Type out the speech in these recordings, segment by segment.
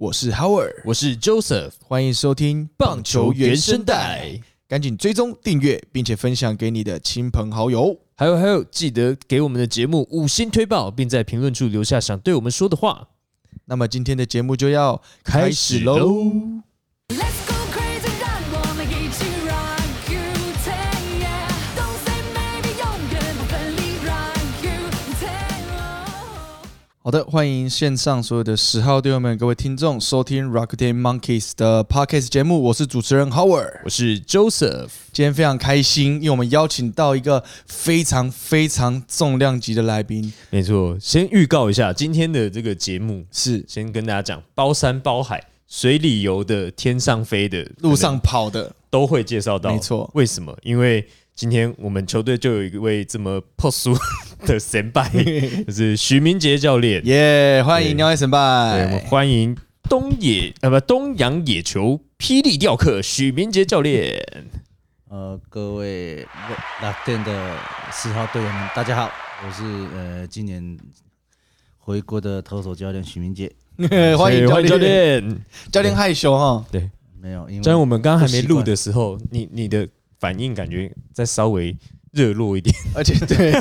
我是 Howard，我是 Joseph，歡迎收聽棒球原聲帶，聲帶趕緊追蹤訂閱，並且分享給你的親朋好友，還有還有，記得給我們的節目五星推爆，並在評論處留下想對我們說的話。那麼今天的節目就要開始嘍。好的，歡迎線上所有的十號隊友們、各位聽眾收聽 Rakuten Monkeys 的 Podcast 節目。我是主持人 Howard，我是 Joseph。今天非常開心，因為我們邀請到一個非常非常重量級的來賓。沒錯，先預告一下今天的這個節目是先跟大家講：包山包海、水裡游的、天上飛的、路上跑的，都會介紹到。沒錯，為什麼？因為今天我們球隊就有一位這麼破蘇的先輩，就是許銘傑教練。耶、yeah，歡迎兩位先輩，我歡迎東野啊、不、呃、東洋野球霹靂釣客許銘傑教練。呃，各位樂天的四號隊員們，大家好，我是呃今年回國的投手教練許銘傑 歡迎。歡迎教練，教練害羞哈、哦欸。對，沒有，因為我們剛剛還沒錄的時候，你你的。反應感覺再稍微熱絡一點，而且對，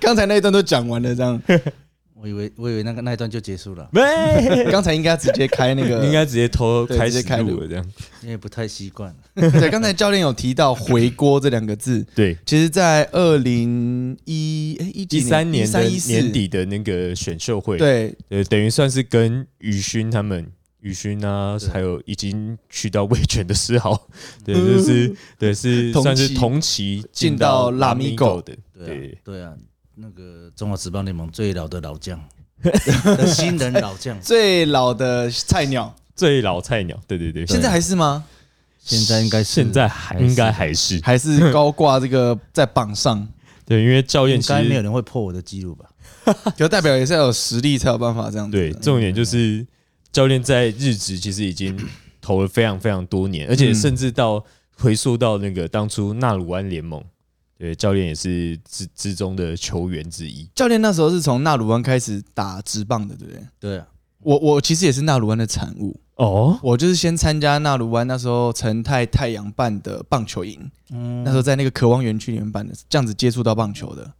剛才那一段都講完了這樣， 我以為我以為那個那一段就結束了，沒，剛才應該直接開那個，應該直接偷直接開路了這樣，因為不太習慣。 對，剛才教練有提到“回鍋”這兩個字， 對，其實在2011，欸，在二零一誒一三一四年底的那個選秀會，對，呃，等於算是跟禹勳他們。雨勳啊，還有已經去到味全的時候，對，就是對是同算是同期進到拉米狗的，對啊對,對啊，那個中華職棒聯盟最老的老將， 新人老將，最老的菜鳥，最老菜鳥，對對對，對現在還是嗎？現在應該是，現在還應該還是，還是高掛這個在榜上。 對，因為教練應該沒有人會破我的記錄吧， 就代表也是要有實力才有辦法這樣子對。對，重點就是。教練在日職其實已經投了非常非常多年，嗯、而且甚至到回溯到那個當初納魯灣聯盟，對教練也是之之中的球員之一。教練那時候是從納魯灣開始打職棒的，對不對？對啊，我我其實也是納魯灣的產物哦。我就是先參加納魯灣那時候成泰太陽辦的棒球營，嗯，那時候在那個渴望園區裡面辦的，這樣子接觸到棒球的，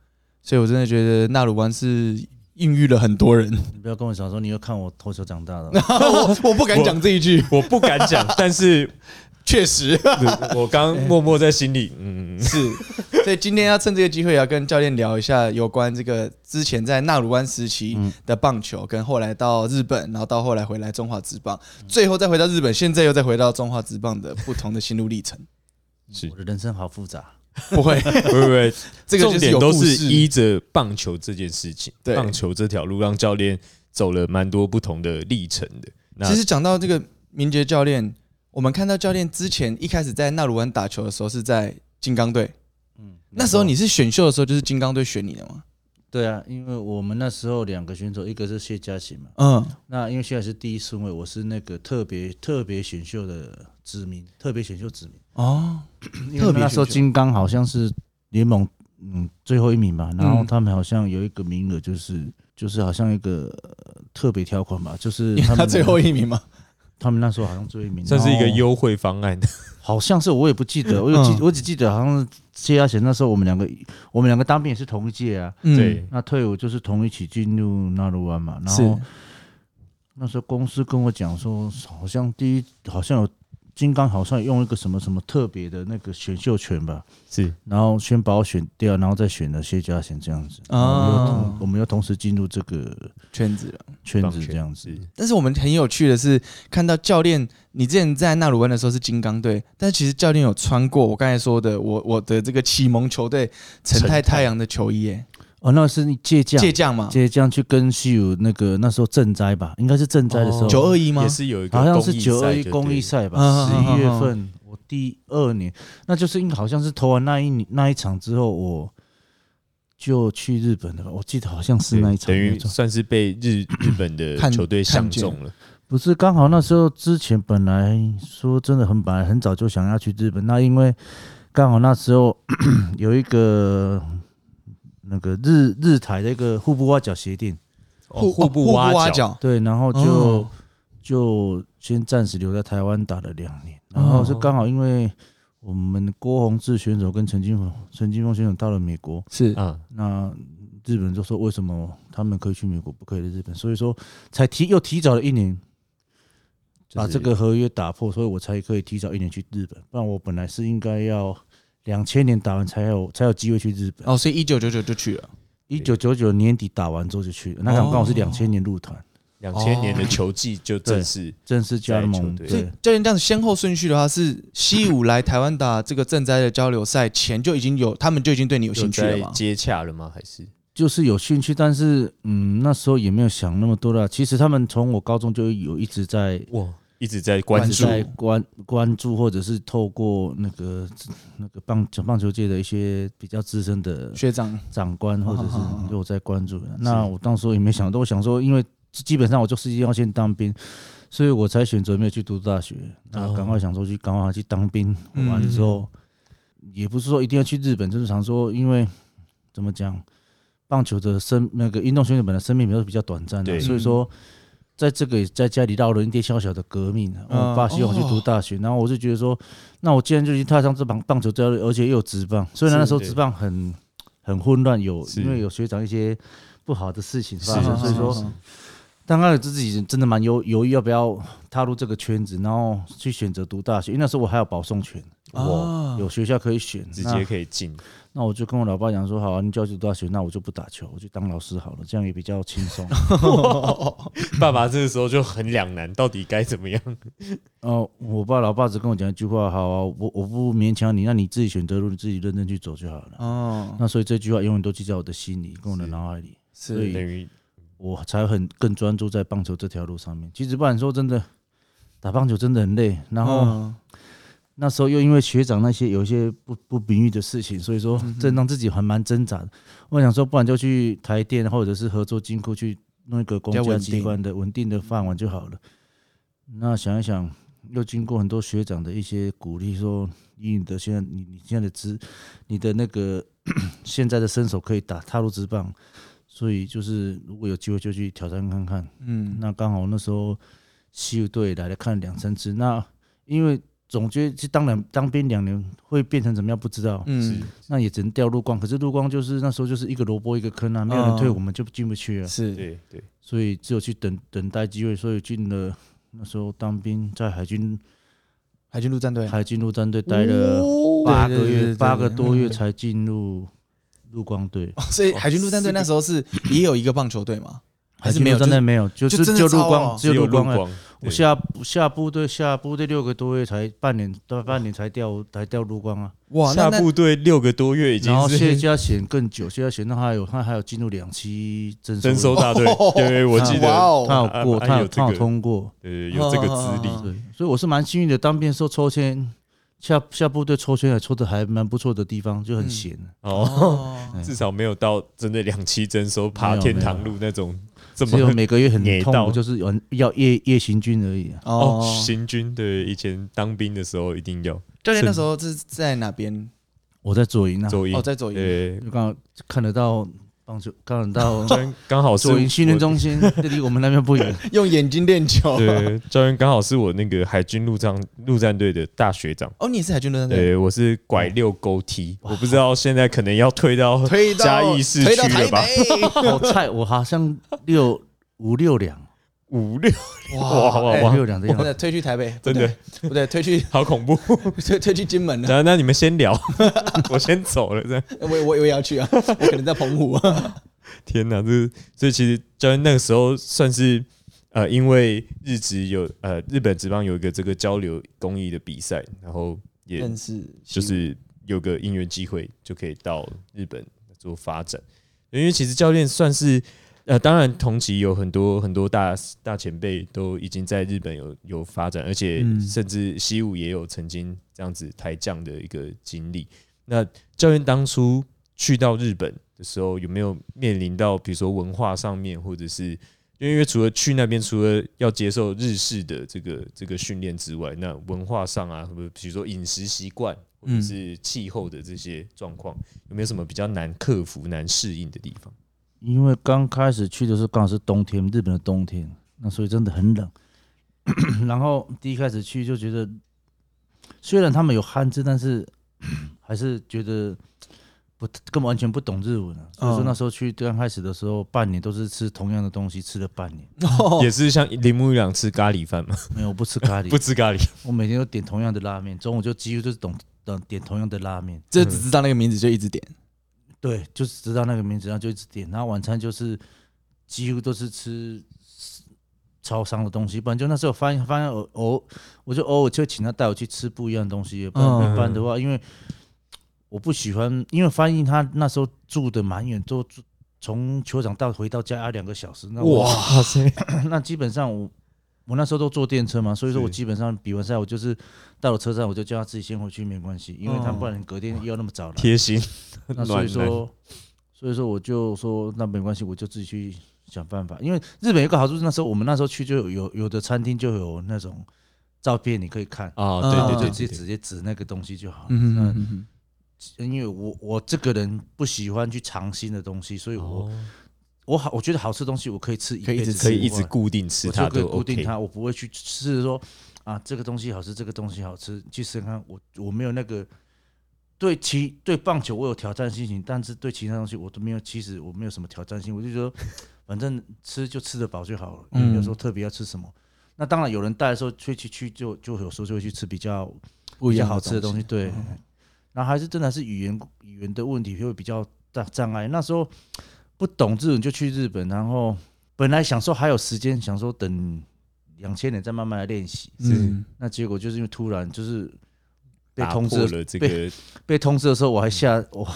所以我真的覺得納魯灣是。孕育了很多人，你不要跟我講說你又看我投球長大的， 我我不敢講這一句，我，我不敢講， 但是確實，我剛默默在心裡、欸，嗯，是，所以今天要趁這個機會要跟教練聊一下有關這個之前在納魯灣時期的棒球，跟後來到日本，然後到後來回來中華職棒，最後再回到日本，現在又再回到中華職棒的不同的心路歷程、嗯，是，我的人生好複雜。 不會，不會，不會。這個重點都是依着棒球這件事情，對棒球這條路讓教練走了蠻多不同的歷程的。那其實講到這個銘傑教練，我們看到教練之前一開始在那魯灣打球的時候是在金剛隊。嗯，那時候你是選秀的時候就是金剛隊選你的嗎？對啊，因為我們那時候兩個選手，一個是謝佳琪嘛。嗯，那因為現在是第一順位，我是那個特別特別選秀的。指名特別選秀指名哦，因為那時候金剛好像是聯盟嗯最後一名嘛，然後他們好像有一個名額，就是、嗯、就是好像一個、呃、特別條款吧，就是他,、那個、他最後一名嘛，他們那時候好像最後一名，這是一個優惠方案， 好像是我也不記得，我有記、嗯、我只記得好像是謝亞賢那時候我們兩個我們兩個當兵也是同一屆啊，嗯嗯、對，那退伍就是同一起進入納魯灣嘛，然後那時候公司跟我講說，好像第一好像有。金剛好像用一個什麼什麼特別的那個選秀權吧，是、嗯，然後先把我選掉，然後再選了謝佳賢這樣子，啊、哦，我們又同時進入這個圈子了，圈子這樣子。但是我們很有趣的是，看到教練，你之前在那魯灣的時候是金剛隊，但其實教練有穿過我剛才說的我我的這個啟蒙球隊誠泰太陽的球衣、欸，哦，那是你借將借將嘛？借將去跟西武那個那時候賑災吧，應該是賑災的時候，九二一嗎？是有一個好像是九二一公益賽吧，十、啊、一、啊啊啊啊啊啊啊、月份。我第二年，那就是因為好像是投完那一那一場之後我，我就去日本了。我記得好像是那一場那，等於算是被日日本的球隊相中了，了。不是，剛好那時候之前本來說真的很本來很早就想要去日本，那因為剛好那時候咳咳有一個。那個日日台那個互不挖角協定，互、哦哦、互不挖角、哦、不挖角對，然後就、哦、就先暫時留在台灣打了兩年，然後是剛好因為我們郭泓志選手跟陳金峰，陳金峰選手到了美國，是啊，那日本人就說為什麼他們可以去美國，不可以來日本？所以說才提又提早了一年，就是、把這個合約打破，所以我才可以提早一年去日本，不然我本來是應該要。兩千年打完才有才有機會去日本哦，所以一九九九就去了。一九九九年底打完之後就去了。那個剛好是兩千年入團，兩、oh, 千年的球季就正式、oh. 正式加盟。對對對就像，這樣先後順序的話，是西武來台灣打這個賑災的交流賽前就已經有， 他們就已經對你有興趣了嗎？接洽了嗎？還是就是有興趣，但是嗯，那時候也沒有想那麼多啦。其實他們從我高中就有一直在哇一直在關注在關，關關注或者是透過那個那個棒棒球界的一些比較資深的學長長官，或者是有在、哦哦哦、關注。那我當時也沒想到，我想說，因為基本上我就是要先當兵，所以我才選擇沒有去讀大學。那趕快想說去，趕、哦、快去當兵。完了之後，也不是說一定要去日本，就是想說，因為怎麼講，棒球的生那個運動選手本來生命比較比較短暫的，對，所以說。在這個也在家裡鬧了一點小小的革命，嗯，我爸希望我去讀大學，嗯、然後我就覺得說，那我既然就已經踏上這棒棒球，而且又有職棒，雖然那時候職棒很很混亂，有因為有學長一些不好的事情發生，所以說，剛開始自己真的蠻猶猶豫要不要踏入這個圈子，然後去選擇讀大學，因為那時候我還有保送權，我、啊、有學校可以選，啊、直接可以進。那我就跟我老爸講說，好啊，你叫我去大學，那我就不打球，我就當老師好了，這樣也比較輕鬆 。爸爸這個時候就很兩難，到底該怎麼樣？ 哦，我爸老爸只跟我講一句話，好啊，我我不勉強你，那你自己選擇路，你自己認真去走就好了。哦，那所以這句話永遠都記在我的心裡，跟我的腦海裡，所以我才很更專注在棒球這條路上面。其實，不然，說真的，打棒球真的很累，然後。嗯那時候又因為學長那些有一些不不名譽的事情，所以說這讓自己還蠻掙扎的。嗯、我想說，不然就去台電，或者是合作金庫去弄一個公家機關的穩定，定的飯碗就好了。那想一想，又經過很多學長的一些鼓勵，說你，你的現在，你你現在的資，你的那個咳咳現在的身手可以打踏入職棒，所以就是如果有機會就去挑戰看看。嗯，那剛好那時候西武隊來了看兩三次，那因為。總覺得去當兩當兵兩年會變成怎麼樣？不知道，嗯，那也只能調陸光。可是陸光就是那時候就是一個蘿蔔一個坑啊，沒有人退，我們就進不去啊。嗯、是，對對。所以只有去等等待機會，所以進了那時候當兵在海軍海軍陸戰隊，海軍陸戰隊、啊、待了八個月八、哦、個多月才進入陸光隊。所以海軍陸戰隊那時候是也有一個棒球隊嗎？還是沒有真的沒有，就是就光、就是、陸光只有陸光,、哦、只有陸光。我下下部隊下部隊六個多月才半年，半年才調才調入關啊！哇，下部隊六個多月已經。然後謝家賢更久，謝家賢他有他還有進入兩棲偵搜大隊，因為、哦哦、我記得、哦、他有過他有他通過呃有這個資歷，對，資歷哦、對，所以我是蠻幸運的，當兵的時候抽籤下下部隊抽籤還抽得還蠻不錯的地方，就很閒、嗯、哦，哦，至少沒有到真的兩棲偵搜爬天堂路那種。只有每個月很痛，我就是有要夜夜行軍而已、啊哦。哦，行軍對，以前當兵的時候一定要。教練那時候是在哪邊？我在左營、啊，哦，在左營。你、欸、剛好看得到、嗯。幫助剛好到，剛好是訓練中心，這離我們那邊不遠。用眼睛練球。對，教練剛好是我那個海軍陸戰陸戰隊的大學長。哦，你也是海軍陸戰隊？對，我是拐六勾梯，哦。我不知道現在可能要推到嘉義市區了吧？ 好菜，我好像六五六兩。五六哇好哇！六、欸、這樣推去台北，真的不對，推去好恐怖， 推推去金門那、啊、那你們先聊， 我先走了。這我我我也要去啊，我可能在澎湖。 天哪、啊這個，所以其實教練那個時候算是呃，因為日職有呃日本職棒有一個這個交流公益的比賽，然後也是就是有個音樂機會，就可以到日本做發展。因為其實教練算是。那、呃、當然，同期有很多很多大大前輩都已經在日本有有發展，而且甚至西武也有曾經這樣子台將的一個經歷、嗯。那教練當初去到日本的時候，有沒有面臨到比如說文化上面，或者是因為，因為除了去那邊，除了要接受日式的這個這個訓練之外，那文化上啊，或者比如說飲食習慣或者是氣候的這些狀況、嗯，有沒有什麼比較難克服、難適應的地方？因為剛開始去的時候剛好是冬天，日本的冬天，那所以真的很冷。 然後第一開始去就覺得，雖然他們有漢字，但是還是覺得不根本完全不懂日文啊。嗯、所以說那時候去剛開始的時候，半年都是吃同樣的東西，吃了半年，哦、 也是像鈴木一朗吃咖喱飯嗎？沒有，我不吃咖喱， 不吃咖喱，我每天都點同樣的拉麵，中午就幾乎就是懂懂點同樣的拉麵，就只知道那個名字就一直點。嗯對，就是知道那個名字，然後就一直點。然後晚餐就是幾乎都是吃超商的東西。不然就那時候發現偶偶，我就偶爾就請他帶我去吃不一樣的東西。不然一般的話、嗯，因為我不喜歡，因為翻譯他那時候住得蠻遠，都住從球場到回到家要、啊、兩個小時。那哇塞，那基本上我。我那時候都坐電車嘛，所以說我基本上比完賽，我就是到了車站，我就叫他自己先回去，沒關係，因為他不然隔天又要那麼早來。哦、貼心，那所以說所以說我就說那沒關係，我就自己去想辦法。因為日本有一個好處是那時候我們那時候去就有有的餐廳就有那種照片，你可以看啊、哦，對對對，對，對，對，直接直接指那個東西就好。嗯嗯嗯，那因為我我這個人不喜歡去嘗新的東西，所以我。哦我好，我覺得好吃的東西，我可以吃一輩子吃，可以一直可以一直固定吃它都、OK、固定它，我不會去吃說啊，這個東西好吃，這個東西好吃，去吃。你看我我沒有那個對其，對棒球我有挑戰心情，但是對其他東西我都沒有。其實我沒有什麼挑戰性，我就覺得反正吃就吃得飽就好了。嗯， 有時候特別要吃什麼、嗯，那當然有人帶的時候去去去就就有時候就會去吃比較不一樣好吃的東西。東西對，那、嗯、還是真的是語言語言的問題會比較大障礙。那時候。不懂日文就去日本，然後本來想說還有時間，想說等兩千年再慢慢來練習。嗯，那結果就是因為突然就是被通知了這個被、被通知的時候，我還嚇、嗯、我，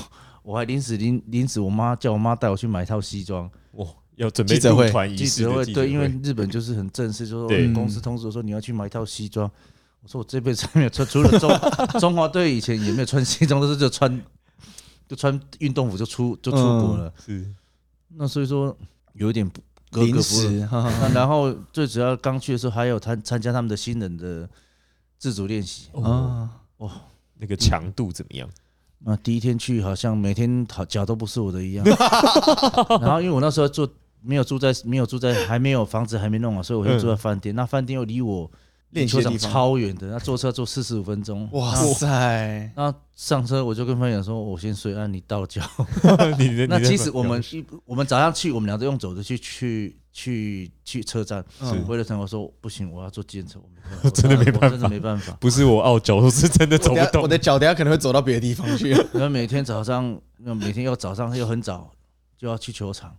我還臨時臨臨時，死我媽叫我媽帶我去買一套西裝。哇、哦，要準備記者會，記者會，對，因為日本就是很正式，說、嗯、公司通知我說你要去買一套西裝。我說我這輩子還沒有穿，除了中 中華隊以前也沒有穿西裝，都是就穿就穿運動服就出就出國了。嗯、是。那所以說，有點不格格不入。是。 然後最主要剛去的時候，還有參參加他們的新人的自主練習。哦，那個強度怎麼樣？那第一天去好像每天腳腳都不是我的一樣。然後因為我那時候住沒有住在沒有住在還沒有房子還沒弄啊。所以我就住在飯店。那飯店又離我。練球場超遠的，那坐車坐四十五分鐘。哇塞！那那上車我就跟朋友說：“我先睡，啊。你倒腳。 ”那其實我們我們早上去，我們兩個都用走着去去去去車站。嗯，回來時候我說不行，我要坐計程車。我，沒 我真的沒辦法，真的沒辦法。不是我傲嬌，我是真的走不動。 我，我的腳等下可能會走到別的地方去。然 後每天早上，那每天要早上又很早就要去球場。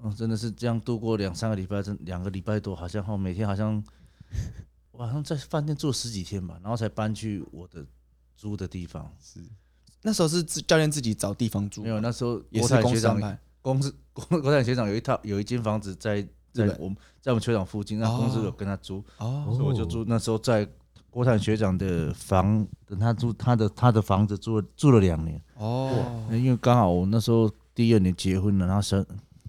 嗯，真的是這樣度過兩三個禮拜，真兩個禮拜多，好像哦，每天好像。晚上在飯店住了十幾天吧，然後才搬去我的租的地方。是，那時候是教練自己找地方住。沒有，那時候國泰學長公,公司國國產學長有一套有一間房子在在,在我們在我們球場附近，哦，那公司有跟他租，哦，所以我就住那時候在國產學長的房，等他住他的他的房子住了住了兩年。哦，因為剛好我那時候第二年結婚了，然後生。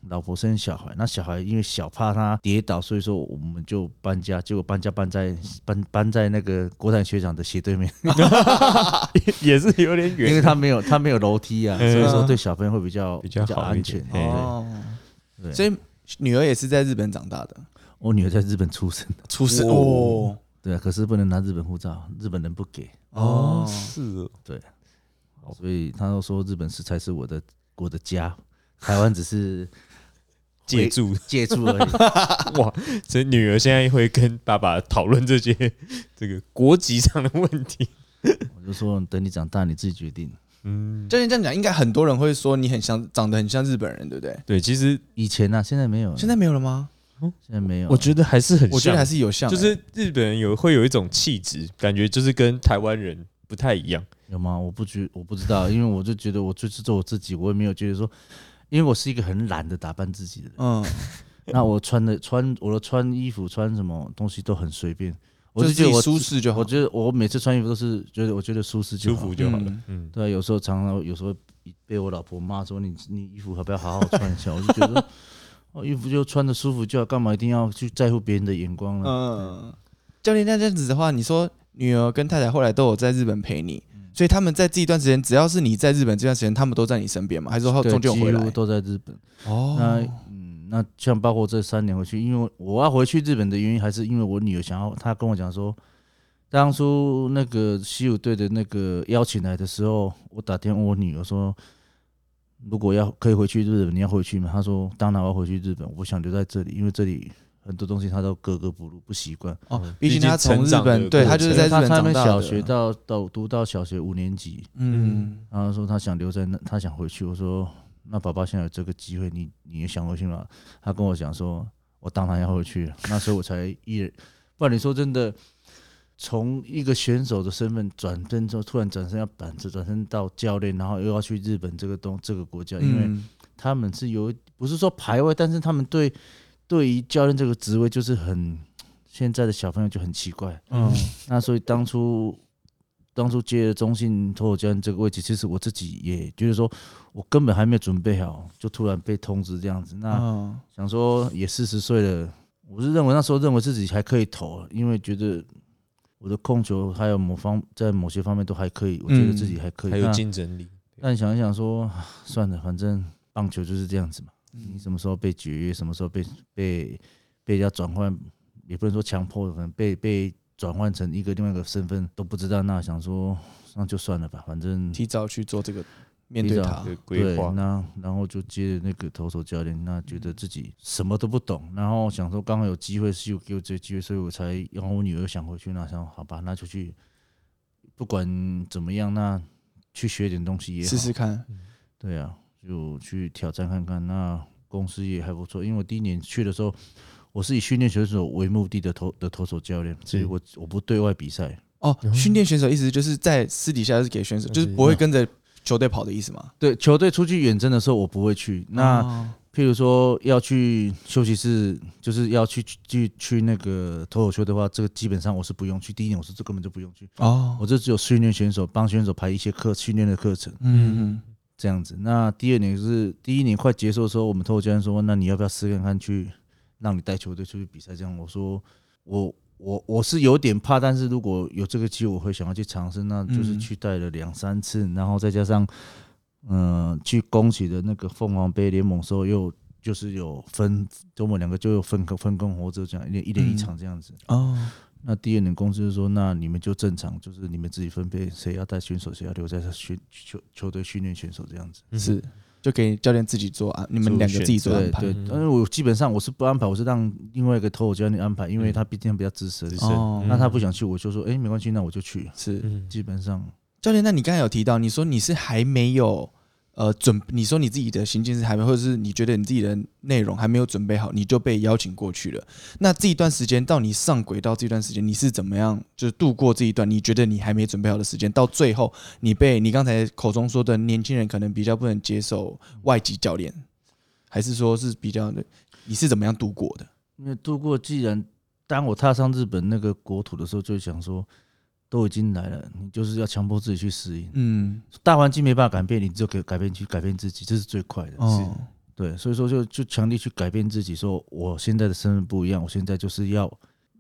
老婆生小孩，那小孩因為小怕他跌倒，所以說我們就搬家，結果搬家搬在搬搬在那個郭泰學長的斜對面， 也是有點遠，因為他沒有他沒有樓梯啊，啊，所以說對小朋友會比較比較，好比較安全。對哦對，所以女兒也是在日本長大的，我女兒在日本出生的，出生哦，對啊，可是不能拿日本護照，日本人不給哦，是哦，對，所以他都說日本是才是我的我的家，台灣只是。 借助借助而已， 哇！所以女兒現在會跟爸爸討論這些這個國籍上的問題。我就說，等你長大，你自己決定。 嗯，就是這樣講，應該很多人會說你很像，長得很像日本人，對不對？對，其實以前呢、啊，現在沒有、欸，現在沒有了嗎？現在沒有。我覺得還是很像，我覺得還是有像、欸，就是日本人有會有一種氣質，感覺就是跟台灣人不太一樣，有嗎？我不知，我不知道， 因為我就覺得我就是做我自己，我也沒有覺得說。因為我是一個很懶得打扮自己的人，嗯，那我穿的穿我的穿衣服穿什麼東西都很隨便，我就覺得我舒適就好。我覺得我每次穿衣服都是覺得我覺得舒適就好，就好，就好，嗯，對啊，有時候常常有時候被我老婆罵說，你你衣服可不要好好穿一下，我就覺得我衣服就穿得舒服就好，幹嘛一定要去在乎別人的眼光了？嗯，教練，那這樣子的話，你說女兒跟太太後來都有在日本陪你。所以他們在這一段時間，只要是你在日本這段時間，他們都在你身邊嘛？還是說他終究回來？都在日本哦。Oh. 那嗯，那像包括這三年回去，因為我要回去日本的原因，還是因為我女兒想要。她跟我講說，當初那個西武隊的那個邀請來的時候，我打電話我女兒說，如果要可以回去日本，你要回去嗎？她說當然我要回去日本。我想留在這裡，因為這裡。很多東西他都格格不入，不習慣哦。畢竟他從日本。對，他就是在日本長大。他在小學到到讀到小學五年級，嗯，然後說他想留在那，他想回去。我說那爸爸現在有這個機會，你你也想回去嗎？他跟我講說，我當然要回去了。那時候我才一人， 不然你說真的，從一個選手的身份轉身之後，突然轉身要板子，轉身到教練，然後又要去日本這個東這個國家，嗯，因為他們是有不是說排外，但是他們對。對於教練這個職位，就是很現在的小朋友就很奇怪。嗯，那所以當初當初接了中信投手教練這個位置，其實我自己也就是說，我根本還沒有準備好，就突然被通知這樣子。那想說也四十歲了，我是認為那時候認為自己還可以投，因為覺得我的控球還有某方在某些方面都還可以，我覺得自己還可以、嗯，還有競爭力。但想一想說，算了，反正棒球就是這樣子嘛。你什麼時候被解約？什麼時候被被被人家轉換？也不能說強迫的，可能被被轉換成一個另外一個身份、嗯、都不知道。那想說，那就算了吧，反正提早去做這個面對他的規劃。那然後就接着那個投手教練，那覺得自己什麼都不懂。嗯、然後想說，剛好有機會是有給我這個機會，所以我才然後、哦、我女兒想回去，那想好吧，那就去，不管怎麼樣，那去學點東西也好試試看。對啊。就去挑戰看看，那公司也還不錯。因為，我第一年去的時候，我是以訓練選手為目的的投的投手教練，所以我我不對外比賽。哦，訓練選手意思就是在私底下是給選手，嗯、就是不會跟着球隊跑的意思嗎？嗯、對，球隊出去遠征的時候我不會去。那、嗯、譬如說要去休息室，就是要去去去那個投手球的話，這個基本上我是不用去。第一年我是這根本就不用去。哦、嗯，我這只有訓練選手，幫選手排一些課訓練的課程。嗯。嗯這樣子，那第二年就是第一年快結束的時候，我們透過教練說，那你要不要試看看去，讓你帶球隊出去比賽這樣。我說我我我是有點怕，但是如果有這個機會，我會想要去嘗試。那就是去帶了兩三次、嗯，然後再加上嗯、呃、去恭喜的那個鳳凰杯聯盟的時候，又就是有分，我們兩個就又分分工合作這樣，一人一場這樣子、嗯哦。那第二年公司就說，那你們就正常，就是你們自己分配，誰要帶選手，誰要留在訓球球隊訓練選手這樣子。嗯、是，就給教練自己做啊，你們兩個自己做安排。對，對嗯、但是我基本上我是不安排，我是讓另外一個投我教練安排，因為他畢竟比較支持、嗯。哦、嗯，那他不想去，我就說，哎、欸，沒關係，那我就去。是，基本上、嗯、教練，那你剛才有提到，你說你是還沒有。呃，準你說你自己的心境是還沒，或者是你覺得你自己的內容還沒有準備好，你就被邀請過去了。那這一段時間到你上軌道這段時間，你是怎麼樣就是度過這一段？你覺得你還沒準備好的時間，到最後你被你剛才口中說的年輕人可能比較不能接受外籍教練，還是說是比較的？你是怎麼樣度過的？因為度過，既然當我踏上日本那個國土的時候，就想說。都已經來了，你就是要強迫自己去適應。嗯，大環境沒辦法改變，你就可以改變去改變自己，這是最快的。哦，對，所以說就就強力去改變自己，說我現在的身份不一樣，我現在就是要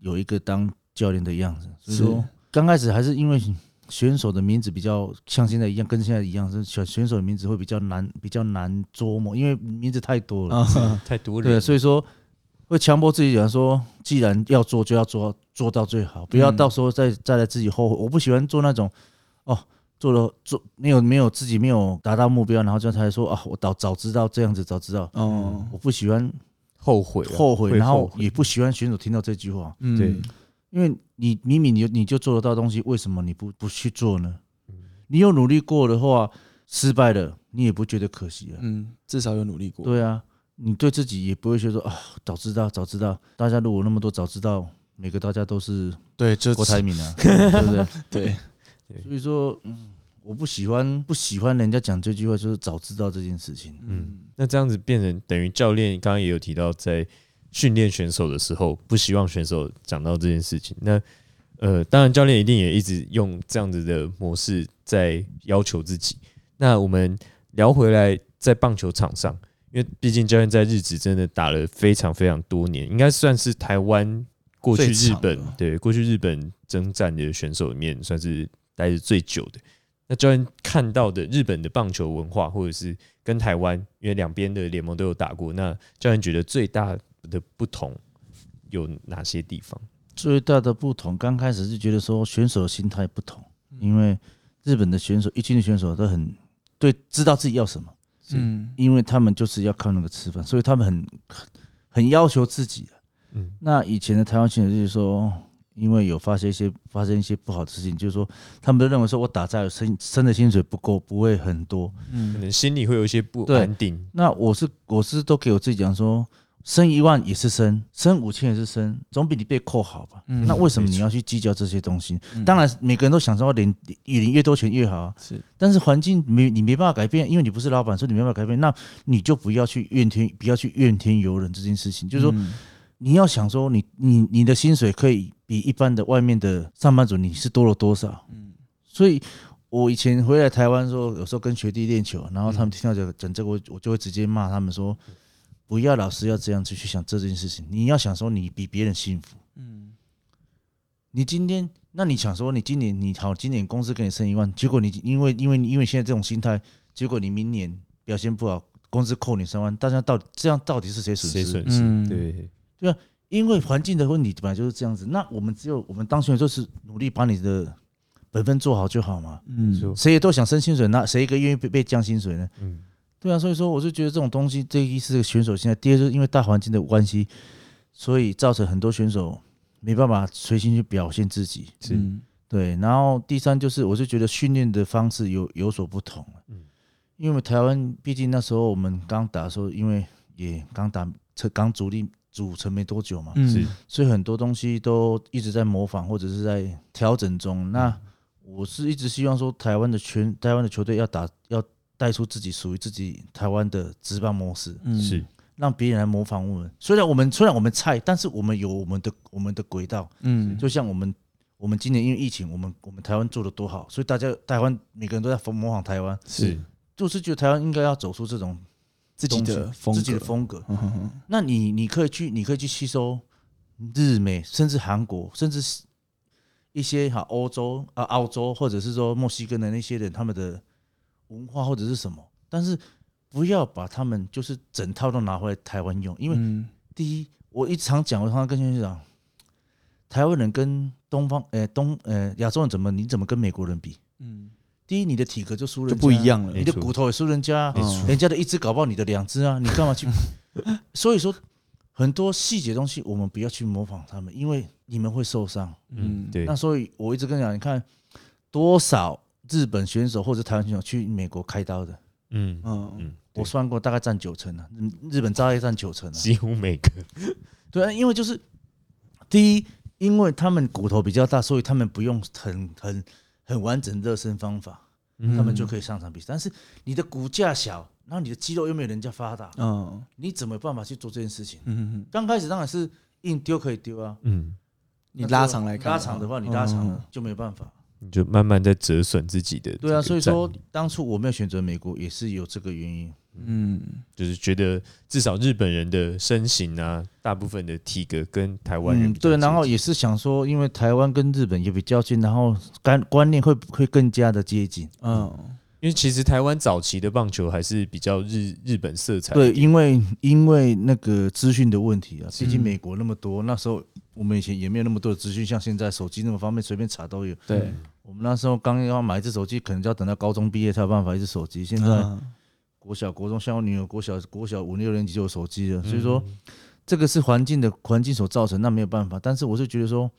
有一個當教練的樣子。是。所以說剛開始還是因為選手的名字比較像現在一樣，跟現在一樣是選選手的名字會比較難比較難琢磨，因為名字太多了、啊啊、太多了。對，所以說。會強迫自己，想說，既然要做，就要做，做到最好，嗯，不要到時候再再來自己後悔。我不喜歡做那種，哦，做了做沒有沒有自己沒有達到目標，然後就才說啊，我早早知道這樣子，早知道。哦。我不喜歡後悔，啊，後悔，然後也不喜歡選手聽到這句話。嗯，對，因為你明明你你就做得到東西，為什麼你不不去做呢？你有努力過的話，失敗了，你也不覺得可惜了，啊。嗯，至少有努力過。對啊。你對自己也不會覺得說啊，哦，早知道，早知道，大家如果那麼多早知道，每個大家都是，啊、對，就、就是郭台銘啊，對不對？對，所以說，嗯，我不喜歡不喜歡人家講這句話，就是早知道這件事情。嗯，那這樣子變成等於教練剛剛也有提到，在訓練選手的時候，不希望選手講到這件事情。那，呃，當然教練一定也一直用這樣子的模式在要求自己。那我們聊回來，在棒球場上。因為畢竟教練在日子真的打了非常非常多年，應該算是台灣過去日本對過去日本征戰的選手裡面，算是待得最久的。那教練看到的日本的棒球文化，或者是跟台灣，因為兩邊的聯盟都有打過，那教練覺得最大的不同有哪些地方？最大的不同，剛開始是覺得說選手心態不同，因為日本的選手，一軍的選手都很對，知道自己要什麼。嗯，因為他們就是要靠那個吃飯，所以他們很很要求自己啊。嗯，那以前的台灣人就是說，因為有發生一些發生一些不好的事情，就是說他們都認為說，我打雜的薪，掙的薪水不夠，不會很多，嗯，可能心裡會有一些不安定。那我是我是都給我自己講說。升一萬也是升，升五千也是升，總比你被扣好吧，嗯？那為什麼你要去計較這些東西？嗯、當然，每個人都想說連，連越多錢越好啊。是，但是環境沒你沒辦法改變，啊，因為你不是老闆，所以你沒辦法改變，那你就不要去怨天，不要去怨天尤人這件事情。就是說，嗯、你要想說你，你你你的薪水可以比一般的外面的上班族你是多了多少？嗯，所以，我以前回來台灣說，有時候跟學弟練球，然後他們聽到這個整這個，我、嗯、我就會直接罵他們說。不要老是要這樣子去想這件事情。你要想說你比別人幸福，嗯，你今天那你想說你今年你好，今年工資給你升一萬，結果你因為因為因為現在這種心態，結果你明年表現不好，工資扣你三萬，大家到底這樣到底是誰損失？誰損失。嗯，對對啊，因為環境的問題本來就是這樣子。那我們只有我們當權就是努力把你的本分做好就好嘛。嗯，誰也都想升薪水，那誰更願意被被降薪水呢？嗯。對啊，所以說我是覺得這種東西，第一次選手現在第二，因為大環境的關係，所以造成很多選手沒辦法隨心去表現自己。對。然後第三就是，我是覺得訓練的方式有有所不同嗯，因為台灣畢竟那時候我們剛打的時候，因為也剛打才剛主力組成沒多久嘛、嗯，是，所以很多東西都一直在模仿或者是在調整中。那我是一直希望說，台灣的全台灣的球隊要打要。帶出自己屬於自己台灣的職棒模式，是讓別人來模仿我們。雖然我們雖然我們菜，但是我們有我們的我們的軌道。嗯，就像我們我們今年因為疫情，我們我們台灣做得多好，所以大家台灣每個人都在模仿台灣。是，就是覺得台灣應該要走出這種自己的自己的風格。那你你可以去，你可以去吸收日美，甚至韓國，甚至一些哈歐洲啊、澳洲，或者是說墨西哥的那些人他們的。文化或者是什麼，但是不要把他們就是整套都拿回來台灣用，因為第一，嗯、我一直常講，我常常跟先生講，台灣人跟東方誒、欸、東誒欸、亞洲人，怎麼你怎麼跟美國人比？嗯，第一你的體格就輸了，就不一樣了，你的骨頭也輸人家，哦、人家的一隻搞爆你的兩隻啊，你幹嘛去？ 所以說很多細節東西我們不要去模仿他們，因為你們會受傷。嗯，對。那所以我一直跟你講，你看多少，日本選手或者台灣選手去美國開刀的嗯，嗯嗯，我算過大概占九成啊，日本大概占九成啊，幾乎每個。對，因為就是第一，因為他們骨頭比較大，所以他們不用很很很完整熱身方法，他們就可以上場比賽，嗯。但是你的骨架小，然後你的肌肉又沒有人家发達，嗯，你怎麼辦法去做這件事情？嗯嗯，剛開始當然是硬丟可以丟啊，嗯，你拉長來看，啊，拉長的話你拉長了就沒辦法。嗯你就慢慢在折損自己的。對啊，所以說當初我沒有選擇美國，也是有這個原因。嗯，就是覺得至少日本人的身形啊，大部分的體格跟台灣人，嗯。對，然後也是想說，因為台灣跟日本也比較近，然後觀觀念會會更加的接近。嗯，因為其實台灣早期的棒球還是比較日日本色彩。對，因為因為那個資訊的問題啊，畢竟美國那麼多，那時候。我們以前也沒有那麼多的資訊，像現在手機那麼方便，隨便查都有。對、嗯，我們那時候剛要買一只手機，可能就要等到高中畢業才有辦法一只手機。現在國小、國中，像我女兒國小、國小五六年級就有手機了。所以說，這個是環境的環境所造成，那沒有辦法。但是我是覺得說，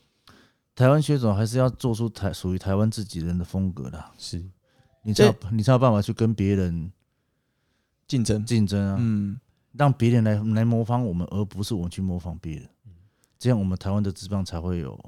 台灣選手還是要做出台屬於台灣自己人的風格的。是，你才有你才有辦法去跟別人競爭競爭啊！嗯，讓別人來來模仿我們，而不是我們去模仿別人。這樣我們台灣的職棒，才會有，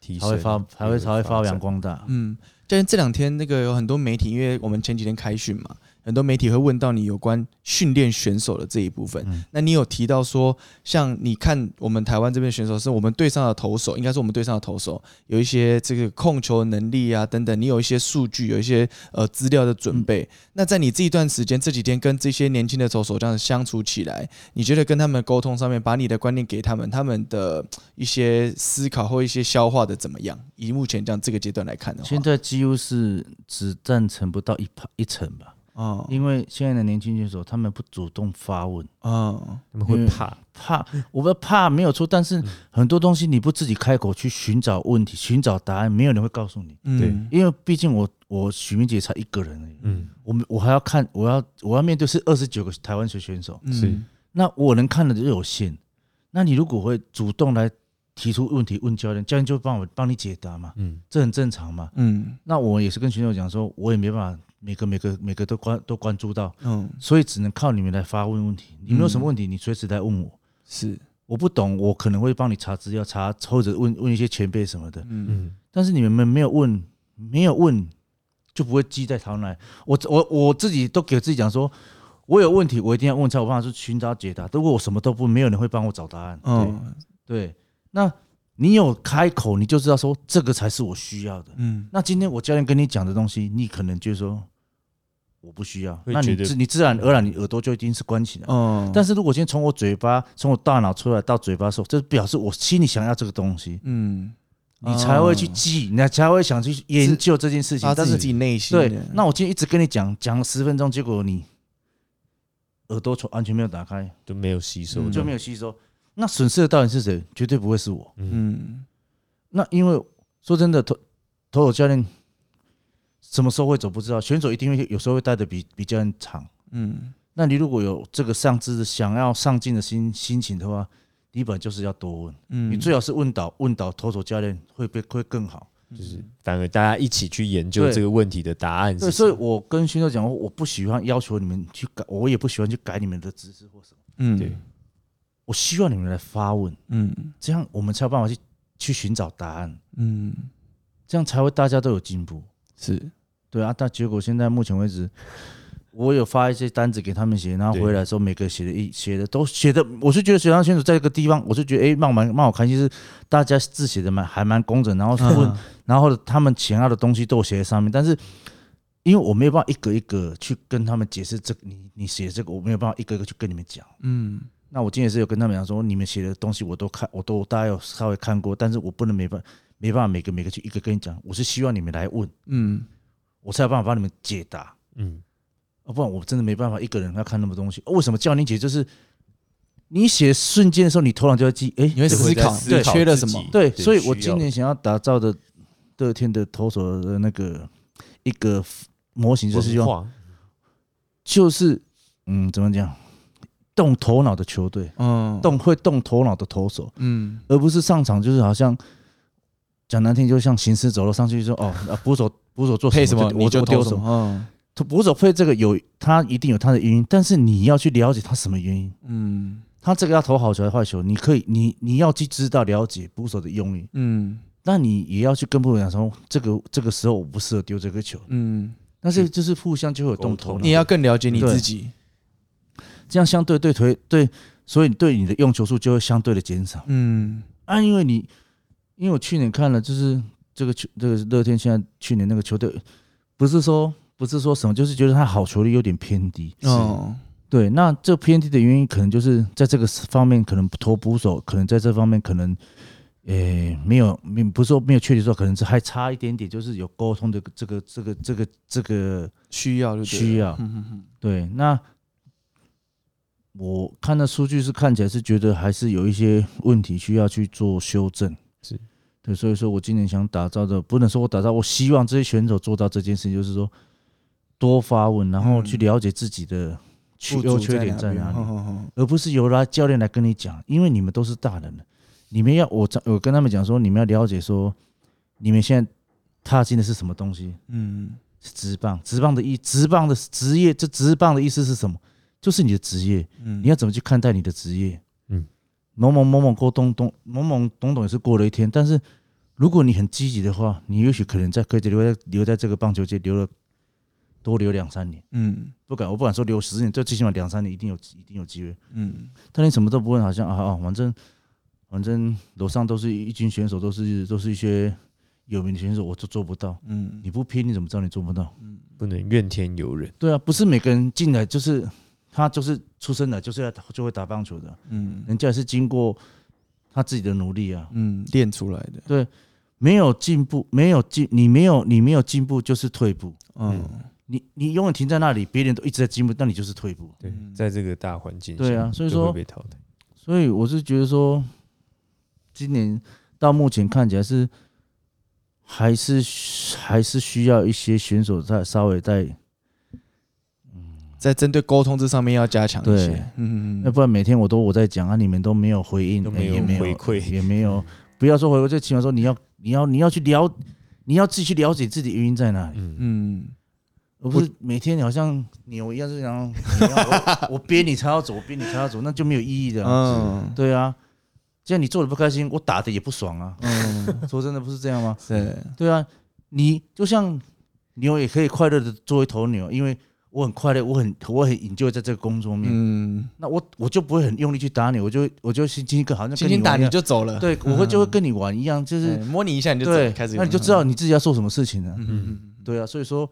才會發，才會才會發揚光大。嗯，但是這兩天那個有很多媒體，因為我們前幾天開訓嘛。很多媒體會問到你有關訓練選手的這一部分、嗯，那你有提到說，像你看我們台灣這邊選手，是我們隊上的投手，應該是我們隊上的投手，有一些這個控球能力啊等等，你有一些數據，有一些呃資料的準備、嗯。那在你這一段時間這幾天跟這些年輕的投手這樣相處起來，你覺得跟他們溝通上面，把你的觀念給他們，他們的一些思考或一些消化的怎麼樣？以目前這樣這個階段來看呢，現在幾乎是只贊成不到一排一層吧。啊、哦，因為現在的年輕選手，他們不主動發問啊、哦，他們會怕怕， 我們怕沒有錯，但是很多東西你不自己開口去尋找問題、尋找答案，沒有人會告訴你。對、嗯，因為畢竟我我許銘傑才一個人而已，嗯，我們我還要看，我要我要面對是二十九個台灣籍選手，是、嗯，那我能看的就有限。那你如果會主動來提出問題問教練，教練就幫我幫你解答嘛，嗯，這很正常嘛，嗯，那我也是跟選手講說，我也沒辦法。每個每個每個都關都關注到，嗯，所以只能靠你們來發問問題。你們有什麼問題，你隨時來問我。嗯。是，我不懂，我可能會幫你查資料查，或者問問一些前輩什麼的。嗯、嗯。但是你們沒有問，沒有問，就不會記在他那，我我我自己都給自己講說，我有問題，我一定要問才有辦法去尋找解答。如果我什麼都不，沒有人會幫我找答案。嗯，對。對，那。你有開口，你就知道說這個才是我需要的。嗯，那今天我教練跟你講的東西，你可能就說我不需要，那你自你自然而然你耳朵就一定是關起的。嗯，但是如果今天從我嘴巴從我大腦出來到嘴巴說，這表示我心裡想要這個東西。嗯，你才會去記，你才會想去研究這件事情。嗯。但是自己內心對，對，那我今天一直跟你講講了十分鐘，結果你耳朵從完全沒有打開，都沒有吸收，就沒有吸收。嗯那損失的到底是誰？絕對不會是我。嗯，那因為說真的，投投手教練什麼時候會走不知道，選手一定會有時候會待的比比較長。嗯，那你如果有這個上知想要上進的心心情的話，第一本就是要多問。嗯，你最好是問到問到投手教練，會不會，會更好。嗯，就是反而大家一起去研究這個問題的答案。所以我跟選手講，我不喜歡要求你們去改，我也不喜歡去改你們的知識或什麼。嗯，對。我希望你們來發問，嗯，這樣我們才有辦法去嗯嗯去尋找答案，嗯，這樣才會大家都有進步。是，對啊。但結果現在目前為止，我有發一些單子給他們寫，然後回來的時候，每個寫的一寫的都寫的，我是覺得水上選手，在一個地方，我就覺得哎，蠻蠻蠻好看。就是大家字寫的蠻還蠻工整，然後問、啊、然後他們想要的東西都寫在上面，但是因為我沒有辦法一個一個去跟他們解釋這，你你寫這個，這個我沒有辦法一個一個去跟你們講，嗯。那我今年是有跟他們講說，你們寫的東西我都看，我都我大概有稍微看過，但是我不能沒辦法沒辦法每個每個去一個跟你講，我是希望你們來問，嗯，我才有辦法幫你們解答，嗯，啊，不然我真的沒辦法一個人要看那麼多東西。啊、為什麼叫你寫？就是你寫瞬間的時候，你頭腦就要記，哎、欸，你會思考，思考對，對，缺了什麼？對，所以我今年想要打造的樂天的投手的那個一個模型，就是用，就是嗯，怎麼講？動頭腦的球隊，嗯，動會動頭腦的投手，嗯，嗯，而不是上場就是好像講難聽，就像行屍走肉上去說哦，捕手、啊、捕手做什麼配什麼，就我什麼你就丟什麼？嗯，捕手配這個有他一定有他的原因，但是你要去了解他什麼原因，嗯，嗯，他這個要投好球還是壞球，你可以你你要去知道了解捕手的用意，嗯，嗯，那你也要去跟朋友講，說，這個這個時候我不適合丟這個球，嗯，嗯，但是就是互相就會動頭腦，你要更了解你自己。這樣相對對投對，所以你對你的用球數就會相對的減少。嗯，啊，因為你因為我去年看了，就是這個球，這個樂天現在去年那個球隊，不是說不是說什麼，就是覺得他好球率有點偏低。哦，對，那這偏低的原因可能就是在這個方面，可能不投捕手可能在這方面可能，誒，沒有，沒不是說沒有確定說，可能是還差一點點，就是有溝通的這個，這個這個這個這個需要需要。對，嗯，那。我看那數據是看起來是覺得還是有一些問題需要去做修正是，是對，所以說我今年想打造的，不能說我打造，我希望這些選手做到這件事情，就是說多發問，然後去了解自己的優缺點在哪裡，哪好好而不是由他教練來跟你講，因為你們都是大人了，你們要我我跟他們講說，你們要了解說你們現在踏進的是什麼東西，嗯，職棒，職棒的意，職棒的職業，這職棒的意思是什麼？就是你的職業，嗯，你要怎麼去看待你的職業？嗯，懵懵懵懵過東東懵懵懂懂也是過了一天，但是如果你很積極的話，你也許可能在，可以留在留在這個棒球界留了多，留兩三年，嗯，不敢，我不敢說留十年，就最起碼兩三年一定有，一定有機會，嗯，但你什麼都不問，好像啊啊，反正反正樓上都是一軍選手，都是，都是一些有名的選手，我都做不到，嗯，你不拼你怎麼知道你做不到？嗯，不能怨天尤人，對啊，不是每個人進來就是。他就是出生的，就是要就會打棒球的。嗯，人家也是經過他自己的努力啊，嗯，練出來的。對，沒有進步，沒有進，你沒有，你沒有進步就是退步。嗯，嗯，你你永遠停在那裡，別人都一直在進步，那你就是退步。對，在這個大環境下，對啊，所以說被淘汰。所以我是覺得說，今年到目前看起來是還是還是需要一些選手在稍微在。在針對溝通這上面要加強一些對。嗯，嗯。那不然每天我都我在講啊，你們都沒有回應，都沒有回饋，欸，也沒有，回饋也沒有，不要說回饋，最起碼說你要你要你要去了，你要自己去了解自己原因在哪裡，嗯，而不是每天好像牛一樣是講，我憋你才要走，我憋你才要走，那就沒有意義的，嗯，對啊，既然你做得不開心，我打得也不爽啊，嗯，說 真的不是這樣嗎？對，對啊，你就像牛也可以快樂的做一頭牛，因為。我很快樂，我很我很享受就在這個工作面，嗯，那我我就不會很用力去打你，我就我就心情更好像輕輕打你就走了，對，我會就會跟你玩一樣，嗯、就是、嗯、摸你一下你就開始對、嗯，那你就知道你自己要做什麼事情了、啊，嗯嗯，對啊，所以說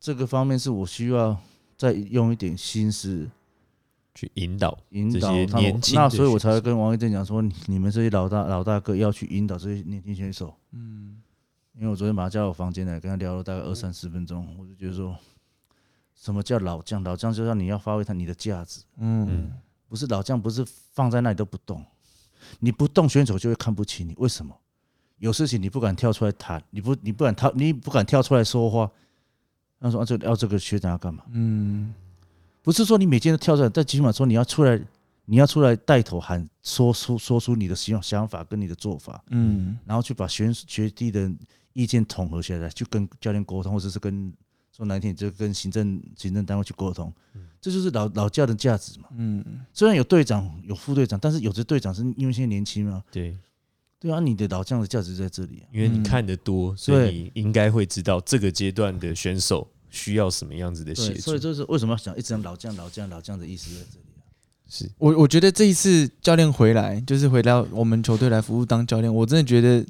這個方面是我需要再用一點心思、嗯、引去引導引導年輕，那所以我才會跟王溢正講說，你們這些老大老大哥要去引導這些年輕選手，嗯，因為我昨天把他叫到我房間來跟他聊了大概二三十分鐘、嗯，我就覺得說。什麼叫老將？老將就讓你要發揮他你的價值。嗯，不是老將，不是放在那裡都不動。你不動，選手就會看不起你。為什麼？有事情你不敢跳出來談，你不，你不敢他，你不敢跳出來說話。那說、啊，這要這個學長要幹嘛？嗯，不是說你每天都跳出來，但起碼說你要出來，你要出來帶頭喊說，說出說出你的想想法跟你的做法。嗯，然後去把學學弟的意見統合起來，去跟教練溝通，或者是跟。說難題，你就跟行政行政單位去溝通，嗯，這就是老老將的價值嘛。嗯，雖然有隊長有副隊長，但是有的隊長是因為現在年輕嘛。對，對啊，你的老將的價值在這裡啊。因為你看得多，所以你應該會知道這個階段的選手需要什麼樣子的協助。所以就是為什麼要想一直想老將老將老將的意思在這裡啊。是我我覺得這一次教練回來就是回到我們球隊來服務當教練，我真的覺得。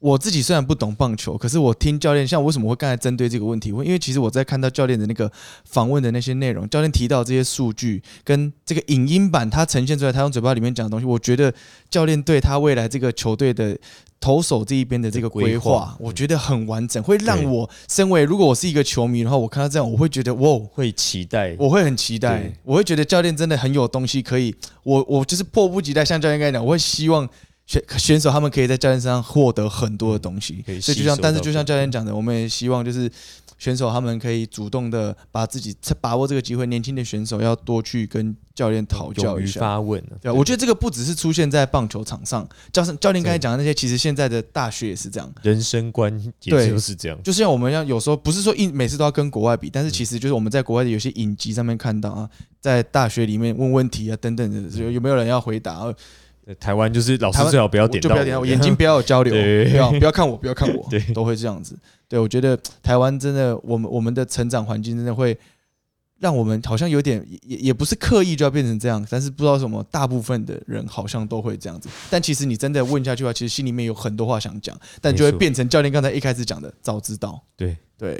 我自己雖然不懂棒球，可是我聽教練像為什麼會剛才針對這個問題？因為其實我在看到教練的那個訪問的那些內容，教練提到這些數據跟這個影音版，他呈現出來，他用嘴巴裡面講的東西，我覺得教練對他未來這個球隊的投手這一邊的這個規劃，嗯、我覺得很完整，會讓我身為如果我是一個球迷的話，我看到這樣，我會覺得哇，會期待，我會很期待，我會覺得教練真的很有東西可以，我我就是迫不及待像教練講，我會希望。選選手他們可以在教練身上獲得很多的東西，所以就像，但是就像教練講的，我們也希望就是選手他們可以主動的把自己把握這個機會。年輕的選手要多去跟教練討教一下，勇於發問、啊。對，對，我覺得這個不只是出現在棒球場上，教教練剛才講的那些，其實現在的大學也是這樣，人生觀也是這樣。就像我們要有時候不是說一每次都要跟國外比，但是其實就是我們在國外的有些影集上面看到啊，在大學裡面問問題啊等等的，有沒有人要回答、啊？台灣就是老師最好不要點到，就不要點到，眼睛不要有交流，不要不要看我，不要看我，對，都會這樣子。對我覺得台灣真的，我們我們的成長環境真的會讓我們好像有點也也不是刻意就要變成這樣，但是不知道什麼，大部分的人好像都會這樣子。但其實你真的問下去的話，其實心裡面有很多話想講，但就會變成教練剛才一開始講的，早知道。對，對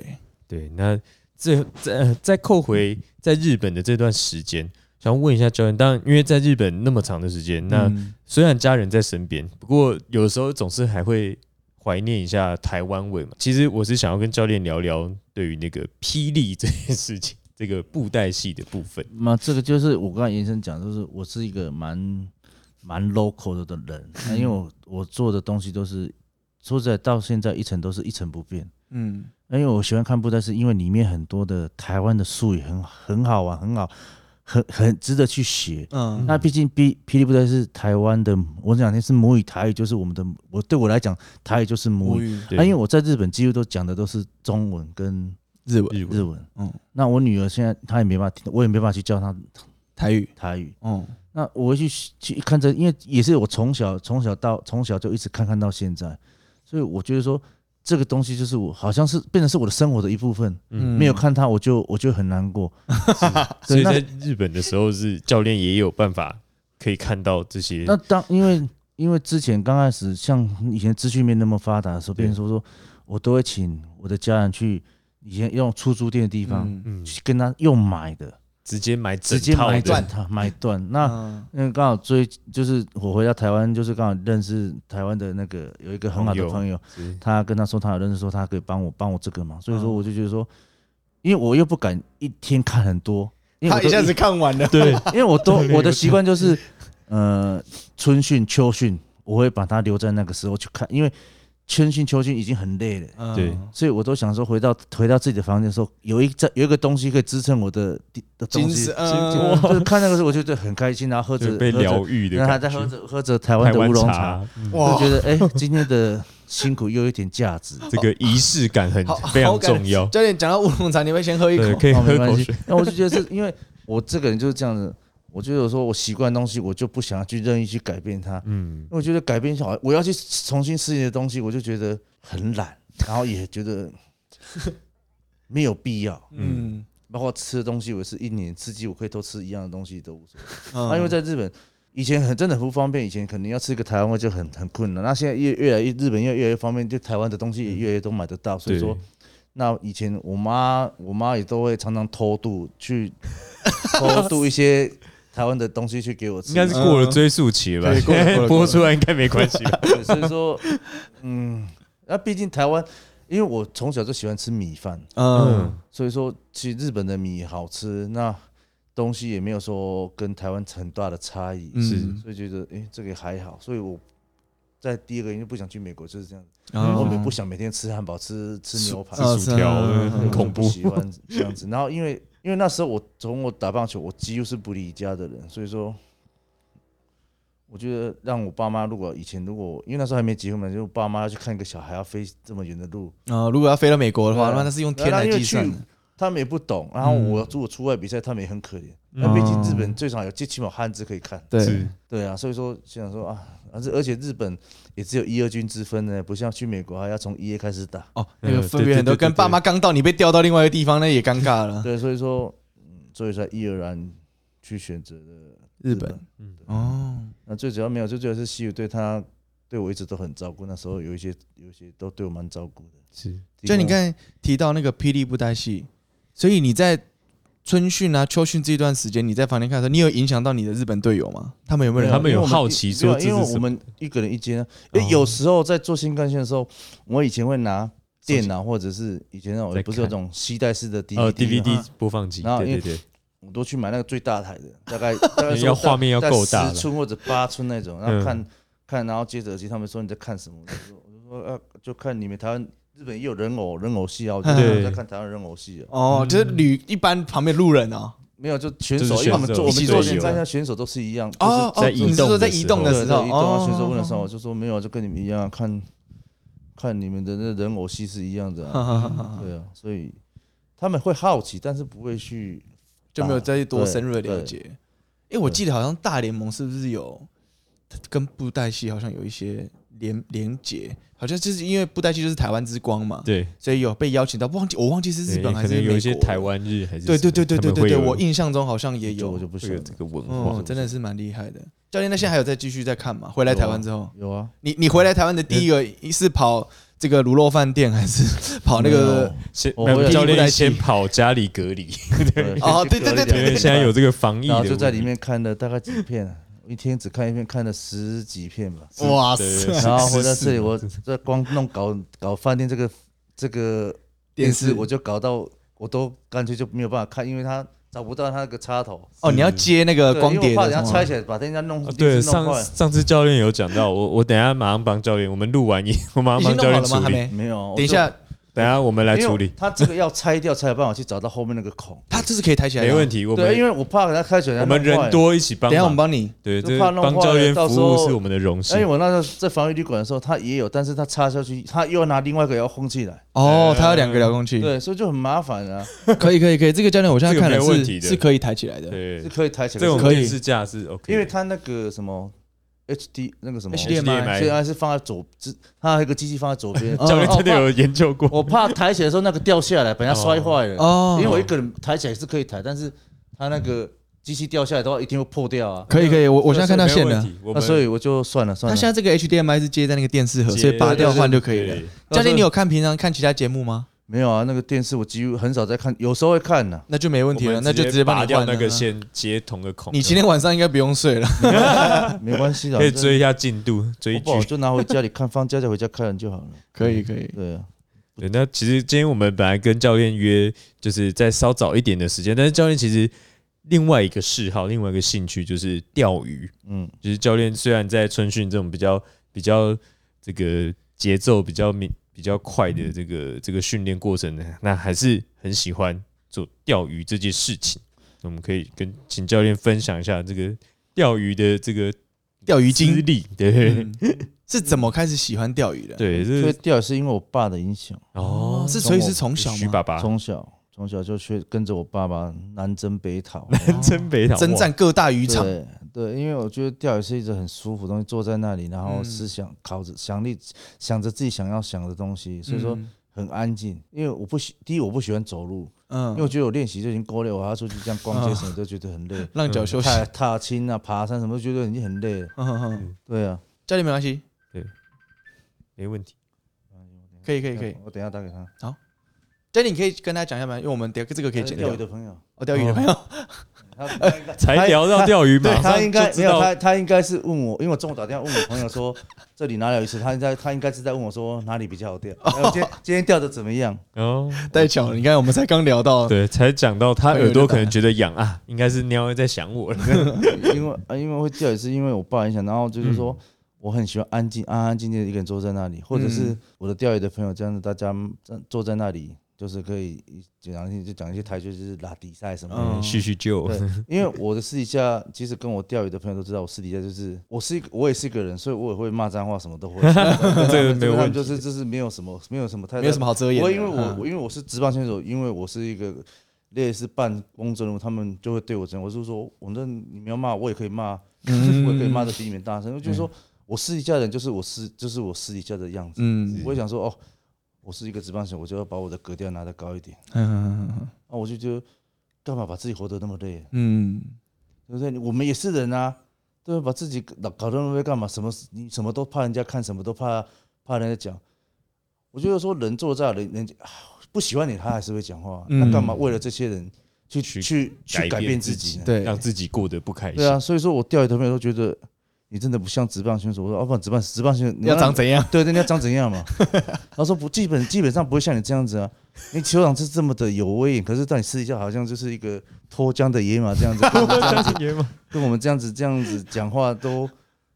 對對，那這再、呃、再扣回在日本的這段時間。想問一下教練，當然，因為在日本那麼長的時間，那雖然家人在身邊，嗯，不過有時候總是還會懷念一下台灣味嘛。其實我是想要跟教練聊聊對於那個霹靂這件事情，這個布袋戲的部分。那這個就是我剛才延伸講，就是我是一個蠻蠻 local 的人，嗯、因為我我做的東西都是說實在，到現在一成都是一成不變。嗯，因為我喜歡看布袋戲，因為裡面很多的台灣的術語很很好玩，很好。很很值得去學。嗯,嗯，嗯嗯、那畢竟嗶霹靂布袋是台灣的，我這兩天是母語台語，就是我們的，我對我來講台語就是母語，那、啊、因為我在日本幾乎都講的都是中文跟日文，日文，日文嗯，那我女兒現在她也沒辦法，我也沒辦法去教她台語，台語，嗯,嗯，嗯、那我會去去看這，因為也是我從小從小到從小就一直看看到現在，所以我覺得說。這個東西就是我，好像是變成是我的生活的一部分。嗯，沒有看它，我就我就很難過。 所以在日本的時候是，是 教練也有辦法可以看到這些。那當因為因為之前剛開始，像以前資訊沒那麼發達的時候，別人說，說我都會請我的家人去以前用出租店的地方，嗯，嗯，去跟他用買的。直接買直接買斷它買斷，那因為剛好最就是我回到台灣就是剛好認識台灣的那個有一個很好的朋友，朋友，他跟他說他有認識說他可以幫我幫我這個忙，所以說我就覺得說，嗯，因為我又不敢一天看很多因為，他一下子看完了，對，因為我都 我的習慣就是，呃，春訓秋訓我會把它留在那個時候去看，因為。春訓秋訓已經很累了，欸，對，嗯，所以我都想說回到回到自己的房間的時候，有一在有一個東西可以支撐我的的，精神，就是看那個時候，我就覺得很開心，然後喝着療癒的。然後還在喝着喝着台灣的烏龍茶，嗯，就覺得哎，欸，今天的辛苦又有一點價值。這個儀式感很非常重要。教練講到烏龍茶，你會先喝一口，可以喝口水，喔，沒關係。那我就覺得是因為我這個人就是這樣子。我覺得有時候我習慣東西，我就不想要去任意去改變它。嗯，我覺得改變小孩，我要去重新吃一些東西，我就覺得很懶，然後也覺得沒有必要。嗯，嗯，包括吃的東西，我是一年吃幾，四季我可以都吃一樣的東西都無所謂。那因為在日本以前很真的很不方便，以前可能要吃一個台灣味就很很困難。那現在越來越來越日本越來越方便，就台灣的東西也越來越都買得到。所以說、嗯，那以前我媽我媽也都會常常偷渡去偷渡一些。台灣的東西去給我吃，應該是過了追溯期了吧，嗯？嗯、播出來應該沒關係。 所以說，嗯，那畢竟台灣，因為我從小就喜歡吃米飯，嗯，所以說去日本的米好吃，那東西也沒有說跟台灣很大的差異，是，所以覺得誒、欸，這個還好。所以我在第一個，因為不想去美國，就是這樣子，我也不想每天吃漢堡、吃吃牛排、吃薯條，很恐怖，喜歡這樣子。然後因為。因為那時候我從我打棒球，我幾乎是不離家的人，所以說，我覺得讓我爸媽如果以前如果因為那時候還沒結婚嘛，就爸媽要去看一個小孩要飛這麼遠的路啊，如果要飛到美國的話，那、啊、是用天來計算的，他們也不懂。然後我如果出外比賽，他們也很可憐。嗯那畢竟日本最少有最起碼漢字可以看，對、哦、對啊，所以說所以想說啊，而且而且日本也只有一二軍之分呢，不像去美國還要從一月開始打哦，那、嗯、個分別很多，跟爸媽剛到你被調到另外一個地方那也尷尬了，對，所以說、嗯、所以說自然去選擇日、日本，嗯哦，那最主要沒有，就最主要是西武對他對我一直都很照顧，那時候有一些有一些都對我蠻照顧的，是，就你剛才提到那個霹靂布袋戲，所以你在。春訓啊，秋訓這一段時間，你在房間看的時候，你有影響到你的日本隊友嗎？他們有沒有，沒有？他們有好奇說，因為我們一個人一間、啊，有時候在做新幹線的時候，我以前會拿電腦，或者是以前那種不是那種攜帶式的 DVD、哦啊、DVD 播放機，對對對，我都去買那個最大台的，大概，大概大要畫面要夠大，十寸或者八寸那種，然後看看、嗯，然後接耳機，他們說你在看什麼？我就說我就說呃、啊，就看你們台灣。日本也有人偶人偶戲啊，我覺得在看台灣人偶戲、啊、哦，就是旅一般旁邊路人啊、嗯，沒有，就選手，一、就、般、是、我們做一起做，你看選手都是一樣，都、哦就是、哦就是、在移動的時候。你是說在移動的時候？對，對移動、哦、啊，選手問的時候，哦、我就說、哦、沒有，就跟你們一樣、啊，看，看你們的那人偶戲是一樣的、啊哈哈哈哈。對啊，所以他們會好奇，但是不會去，就沒有再多、啊、深入的了解。因為、欸、我記得好像大聯盟是不是有跟布袋戲好像有一些。連廉潔好像就是因為布袋戲就是台灣之光嘛，對，所以有被邀請到忘記我忘記是日本還是有一些台灣日還是對對對對對對,對,對,對，我印象中好像也有，我就,我就不曉得這個文化、哦、真的是蠻厲害的、嗯、教練，那現在還有在繼續在看嗎？回來台灣之後有啊,有,啊有啊，你你回來台灣的第一個一是跑這個滷肉飯店，還是跑那個先、啊、教練先跑家裡隔離？啊、哦、 對對對，因為現在有這個防疫，然後就在裡面看了大概幾片啊。一天只看一片，看了十幾片吧。哇塞對！然後回到這裡，我這光弄搞搞飯店這個這個電視，電視，我就搞到我都乾脆就沒有辦法看，因為他找不到他那個插頭。哦，你要接那個光碟的嗎？因為我怕人家拆起來，把人家弄、啊、對。上上次教練有講到，我我等下馬上幫教練，我們錄完音，我馬上幫教練處理。已經弄好了嗎？還沒。沒有，等一下。等下，我們來處理。他這個要拆掉，才有辦法去找到後面那個孔。 他這是可以抬起來，沒問題我沒。對，因為我怕給他開起來，我們人多一起幫忙。等下我們幫你。對，這幫教練服，服務是我們的榮幸。而我那時候在防疫旅館的時候，他也有，但是他插下去，他又要拿另外一個遙控器來。哦，他有兩個遙控器。對，所以就很麻煩啊。 可以可以可以，這個教練我現在看來是、這個、是可以抬起來的，對是可以抬起來的。這種電視架是 OK。因為他那個什麼。H D 那個什麼 H D M I 現在是放在左，只它還有個機器放在左邊、嗯。教練真的有研究過。我怕，我怕抬起來的時候那個掉下來，把它摔壞了。哦、oh,，因為我一個人抬起來是可以抬，但是它那個機器掉下來的話，一定會破掉啊。可以可以，我我現在看到線了，那所,所以我就算了算了。它現在這個 H D M I 是接在那個電視盒，所以拔掉換就可以了。對對對對，教練，你有看平常看其他節目嗎？沒有啊，那個電視我幾乎很少在看，有時候會看呢、啊，那就沒問題了，那就直接拔掉那個線接同個孔。你今天晚上應該不用睡了 沒關係係的， 可以追一下進度， 追一集就拿回家裡看，放假再回家看就好了。 可以可以，對啊。對那其實今天我們本來跟教練約，就是再稍早一點的時間，但是教練其實另外一個嗜好，另外一個興趣就是釣魚。嗯，就是教練雖然在春訓這種比較比較這個節奏比較明。比較快的這個、嗯、這個訓練過程呢，那還是很喜歡做釣魚這件事情。我們可以跟請教練分享一下這個釣魚的這個釣魚經歷，對、嗯，是怎麼開始喜歡釣魚的？嗯、對，這釣是因為我爸的影響哦，是所以是從小許爸爸，從、哦，小從小，小就去跟着我爸爸南征北討，南征北討征戰各大漁場。對，因為我覺得釣魚是一直很舒服的東西，坐在那裡，然後思想、考著、想你、想着自己想要想的東西，所以說很安靜。因為我不喜，第一我不喜歡走路，嗯，因為我覺得我練習就已經夠累，我還要出去這樣逛街什、哦、就覺得很累，讓腳休息，踏青啊、爬山什麼，就覺得已經很累了。哈、嗯、哈、嗯，對啊，家裡沒關係，對，沒問題，可以可以可以，我等一下打給他。好，家裡你可以跟他講一下嗎？因為我們這個可以講釣魚的朋友，哦，釣魚的朋友。哦 他，他才聊到釣魚嘛？他應該沒有，他他應該是問我，因為我中午打電話問我朋友說 這裡哪裡有魚吃，他應該他應該是在問我說哪裡比較好釣、 哎，今今天釣的怎麼樣？哦，太巧了，你看我們才剛聊到，對，才講到，他耳朵可能覺得癢啊，應該是鳥在想我 ，因為因為會釣魚是因為我爸影響，然後就是說、嗯、我很喜歡安靜，安安靜靜一個人坐在那裡，或者是我的釣魚的朋友這樣子大家坐在那裡。就是可以經常性就講一些台球，就是拉低賽什麼的，敘敘舊。因為我的私底下，其實跟我釣魚的朋友都知道，我私底下就是我是一個，我也是一個人，所以我也會罵髒話，什麼都會。對對，沒就是就是沒有什麼，沒有什麼太，沒有什麼好遮掩。我因為我，我因為我是職棒選手，因為我是一個類似半公眾人物，他們就會對我這樣。我是說，反正你們要罵，我也可以罵，就是我也可以罵的比你們大聲。就是說，我私底下人就是我私，就是我私底下的樣子。就是我，樣子嗯、我會想說，哦。我是一個職棒型，我就要把我的格調拿得高一點。嗯，啊，我就覺得干嘛把自己活得那麼累，啊？嗯，對不對？我們也是人啊，對不對？把自己搞搞得那麼累幹嘛？什麼你什麼都怕人家看，什麼都怕怕人家講。我覺得說人做在人，人家，啊、不喜歡你，他還是會講話。那，嗯、幹嘛為了這些人去去去改變自己呢？自己？對，讓自己過得不開心。對啊，所以說我掉一頭髮都覺得。你真的不像職棒選，選手，我說哦，不，職棒職棒選手你要長怎樣？怎樣，對，對，對，你要長怎樣嘛？ 他說不，基本基本上不會像你這樣子啊。你、 欸、球場是這麼的有威嚴，可是在你私底下，好像就是一個脫韁的野馬這樣子，脫韁的野馬， 跟我們這樣子這樣子講話都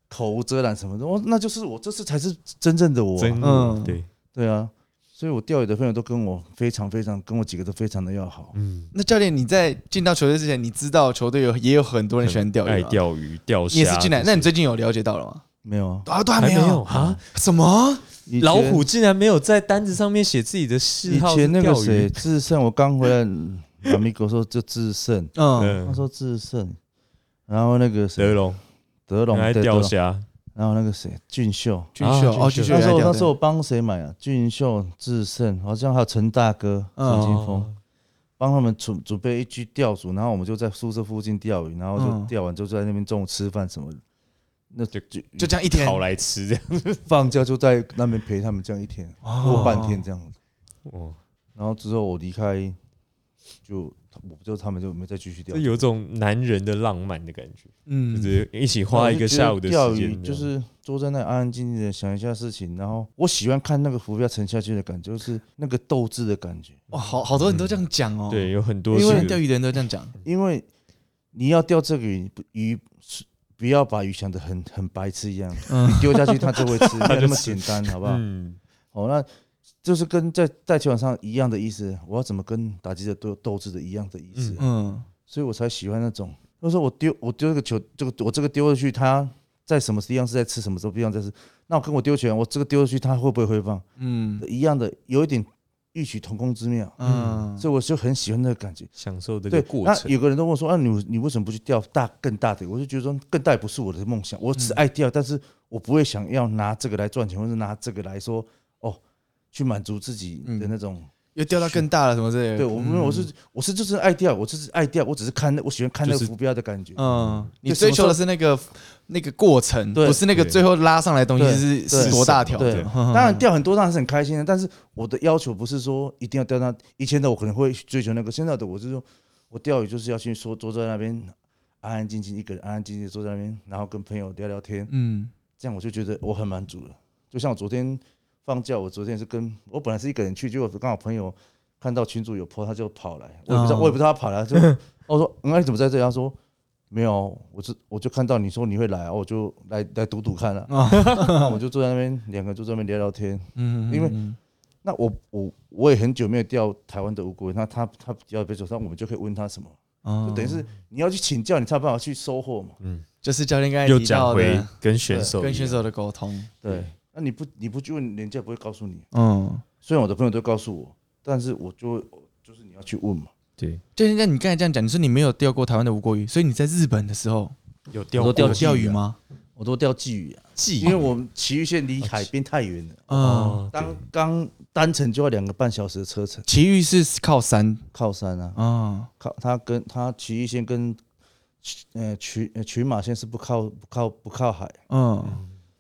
口無遮攔什麼的。哦，那就是我這次才是真正的我，的嗯，對對啊。所以，我釣魚的朋友都跟我非常非常，跟我幾個都非常的要好。嗯，那教練，你在進到球隊之前，你知道球隊有也有很多人喜歡釣魚，愛釣魚，釣蝦，也是進來是。那你最近有了解到了嗎？沒有啊，都、啊啊啊、還沒有啊？什麼？老虎竟然沒有在單子上面寫自己的嗜好。以前那個誰，智勝，我剛回來，阿咪哥說就智勝，嗯，他說智勝，然後那個誰，德龍，德龍，還釣蝦。然後那個誰，俊秀，俊秀，哦俊秀哦、俊秀那時候那時候我幫誰買啊？俊秀、智勝，好像還有陳大哥，陳金鋒，幫、哦、他們準準備一居釣組。然後我們就在宿舍附近釣魚，然後就釣完就在那邊中午吃飯什麼，嗯、那就就就這樣一天好來吃，放假就在那邊陪他們這樣一天、哦、過半天這樣子，哦，然後之後我離開。就我不知道他們有沒有再繼續釣，有種男人的浪漫的感覺。嗯，就是一起花一個下午的時間，釣魚就是坐在那安安靜靜的想一下事情，然後我喜歡看那個浮標沉下去的感覺，就是那個鬥志的感覺。哇、嗯哦，好好多人都這樣講哦。嗯，對，有很多因為釣魚的人都這樣講，因為你要釣這個魚，魚不要把魚想得很很白痴一樣，嗯、你丟下去它就會吃，嗯、沒那麼簡單、 就是，好不好？嗯，好，那。就是跟在在球場上一樣的意思，我要怎麼跟打擊者鬥鬥智的一樣的意思、啊嗯，嗯，所以我才喜歡那種。他說我丟我丟一個球，這個我這個丟下去，他在什麼不一樣是在吃什麼時候不一樣，在吃，樣在吃？那我跟我丟球，我這個丟下去，他會不會回放？嗯，一樣的，有一點異曲同工之妙嗯。嗯，所以我就很喜歡那個感覺，享受這個過程。對那有個人都問我說：“啊你，你你為什麼不去釣大更大的？”我就覺得說，更大也不是我的夢想，我只愛釣、嗯，但是我不會想要拿這個來賺錢，或者拿這個來說。去滿足自己的那種、嗯，又釣到更大了什麼之類的。對，我、嗯、我是我是就是愛釣，我就是愛釣，我只是看那我喜歡看那個浮標的感覺。就是、嗯，你追求的是那個那個過程，對，不是那個最後拉上來的東西是是多大條的。當然釣很多當然是很開心的，但是我的要求不是說一定要釣到一千的，我可能會追求那個現在的，我是說我釣魚就是要去說坐在那邊安安靜靜一個人，安安靜靜坐在那邊，然後跟朋友聊聊天，嗯，這樣我就覺得我很滿足了。就像我昨天。放假，我昨天是跟我本來是一個人去，結果剛好朋友看到群組有 po，他就跑來。我也不知道，oh. 我也不知道他跑來就我 說、嗯啊：“你怎麼在這裡？”他說：“沒有，我就我就看到你說你會來，我就來來賭賭看了。Oh. ” 我就坐在那邊，兩個坐在那邊聊聊天。嗯， 因為 那我我我也很久沒有釣台灣的烏龜，那他他，他要被走上，我們就可以問他什麼，oh. 就等於是你要去請教，你才有辦法去收穫嘛。嗯，就是教練剛才又講回跟選手、跟選手的溝通，對。嗯那、啊、你不，你不去問人家不會告訴你。嗯，雖然我的朋友都告訴我，但是我就我就是你要去問嘛。對，就是像你剛才這樣講，你說你沒有釣過台灣的吳郭魚，所以你在日本的時候有釣釣釣魚嗎？我都釣鯽魚啊，鯽。因為我們埼玉縣離海邊太遠了，啊，剛、嗯、剛、啊、單程就要兩個半小時的車程。埼玉是靠山，靠山啊，啊，靠它跟它埼玉縣跟，呃，群群、呃、馬縣是不靠不靠不靠，不靠海，嗯、啊。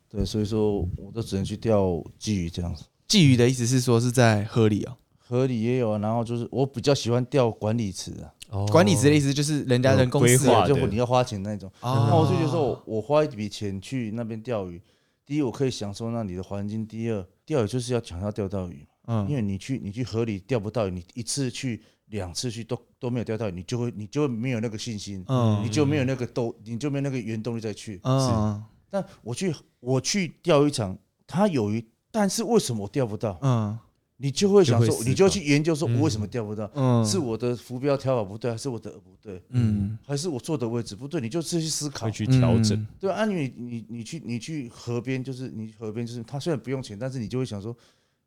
對，所以說我都只能去釣鯽魚這樣子。鯽魚的意思是說是在河裡啊、哦，河裡也有啊。然後就是我比較喜歡釣管理池啊、哦。管理池的意思就是人家人公司，政就你要花錢那種。然、哦、後、哦、我就覺得我我花一筆錢去那邊釣魚、啊，第一我可以享受那裡的環境，第二第二就是要搶到釣到魚嗯。因為你去你去河裡釣不到魚你一次去兩次去都都沒有釣到魚，你就會你就會沒有那個信心，嗯、你就沒有那個動，你就沒有那個原動力再去。嗯。但我去，我去釣魚場，他有魚，但是為什麼我釣不到？嗯？你就會想說，就你就去研究說，我為什麼釣不到？嗯嗯？是我的浮標調好不對，還是我的餌不對？嗯？還是我坐的位置不對？你就是去思考，去調整，嗯、對按、啊、你你你去你去河邊，就是你河邊就是，他雖然不用錢，但是你就會想說。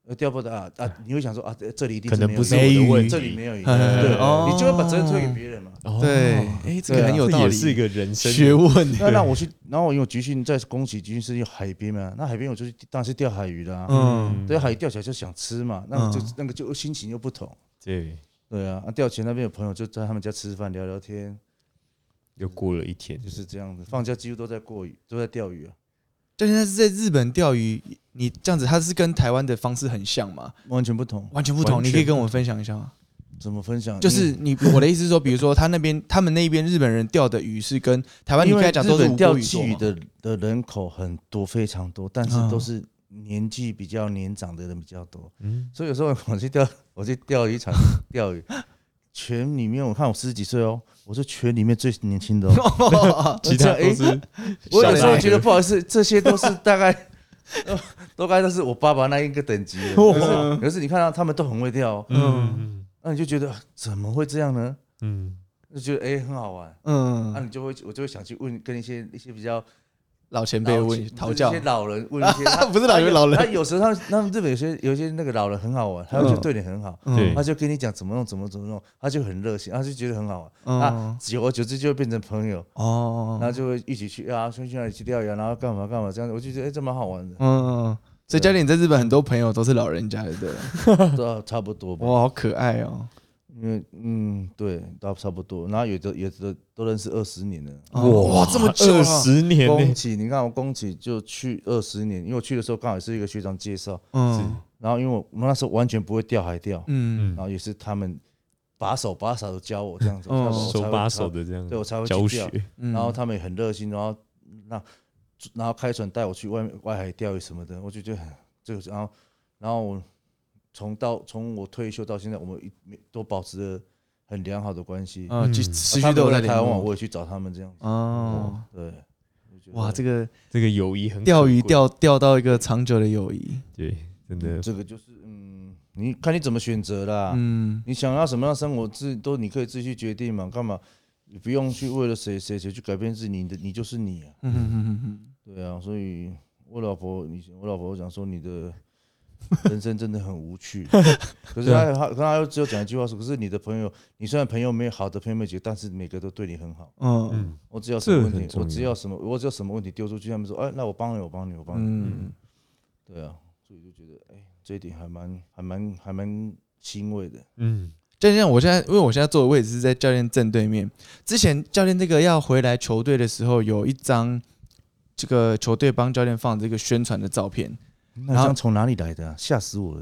呃、啊，釣不到啊啊！你會想說啊，這裡一定有可能不是你的問題，這裡沒有魚、嗯對哦。對，你就會把責任推給別人嘛、哦。對，哎、欸，這個很有道理，啊、也是人生學問。那那我去，然後因為集訓在恭喜集訓是去海邊嘛，那海邊我就去，當然是釣海魚啦、啊。嗯，釣海魚釣起來就想吃嘛，那就、嗯那個、就那個就心情又不同。對對啊，前那釣起來那邊有朋友就在他們家吃飯聊聊天，又過了一天、就是，就是這樣子。放假幾乎都在過、嗯、都在釣魚啊。現在是在日本釣魚，你這樣子，它是跟台灣的方式很像嗎？完全不同，完全不同。你可以跟我們分享一下嗎？怎麼分享？就是你我的意思是說，比如說他那邊、嗯，他們那邊日本人釣的魚是跟台灣，因為都是釣魚的的人口很多，非常多，但是都是年紀比較年長的人比較多。嗯、哦，所以有時候我去釣，我去釣魚場釣魚。 群裡面，我看我十幾歲哦，我是群裡面最年輕的，哦， 其他 a 都、 欸、我有時候覺得 不好意思，這些都是大概， 呃、都該都是我爸爸那一個等級的。可、 就是，嗯、你看到他們都很會跳，哦，嗯，那，啊，你就覺得怎麼會這樣呢？嗯，就覺得誒、欸、很好玩，嗯，那，啊，你就會我就會想去問跟一些一些比較。老前輩問討教，些老人問一些，啊、他不是老一老人他。他有時候他他們日本有些有些那個老人很好玩，嗯、他就對你很好，嗯、他就跟你講怎麼弄怎麼怎麼弄，他就很熱心，他就覺得很好玩，那、嗯、久而久之就會變成朋友哦，然後就會一起去啊，去去哪裡去釣魚、啊，然後幹嘛幹嘛這樣，我就覺得、欸、這蠻好玩的。嗯，所以教練在日本很多朋友都是老人家的，都對對 差不多吧。哇、哦，好可愛哦。因為嗯，對，都差不多，然後也都也都都認識二十年了，哇，這麼二十年欸，宮崎，你看我宮崎，就去二十年，因為我去的時候剛好是一個學長介紹，嗯，然後因為我，我們那時候完全不會釣海釣，嗯，然後也是他們把手把手的教我這樣子，嗯，手把手的這樣子。對我才會去釣，然後他們也很熱心，然後那然後開船帶我去外面外海釣魚什麼的，我就覺得很這個，然後然後我。從到從我退休到現在，我們一都保持着很良好的關係，嗯，持續都有來台灣，我也去找他們這樣子啊、嗯，對，哇，這個這個友誼很釣魚釣釣到一個長久的友誼、嗯，友誼對，真的、嗯。這個就是嗯，你看你怎麼選擇啦，嗯，你想要什麼樣的生活，自都你可以自己去決定嘛，幹嘛？你不用去為了誰誰誰去改變自己，你的你就是你、啊、嗯嗯嗯嗯，對啊，所以我老婆你我老婆講說你的。 人生真的很無趣，可是他剛剛他剛又只有講一句話說，可是你的朋友，你雖然朋友沒有好的朋友幾個，但是每個都對你很好。嗯，嗯，我只要什麼問題，我只要什麼，我只要什麼問題丟出去，他們說，哎，那我幫你，我幫你，我幫你。嗯，對啊，所以就覺得，哎，這一點還蠻還蠻還蠻欣慰的。嗯，教練，我現在因為我現在坐的位置是在教練正對面。之前教練這個要回來球隊的時候，有一張這個球隊幫教練放這個宣傳的照片。那張從哪裡來的、啊？嚇、啊、死我了、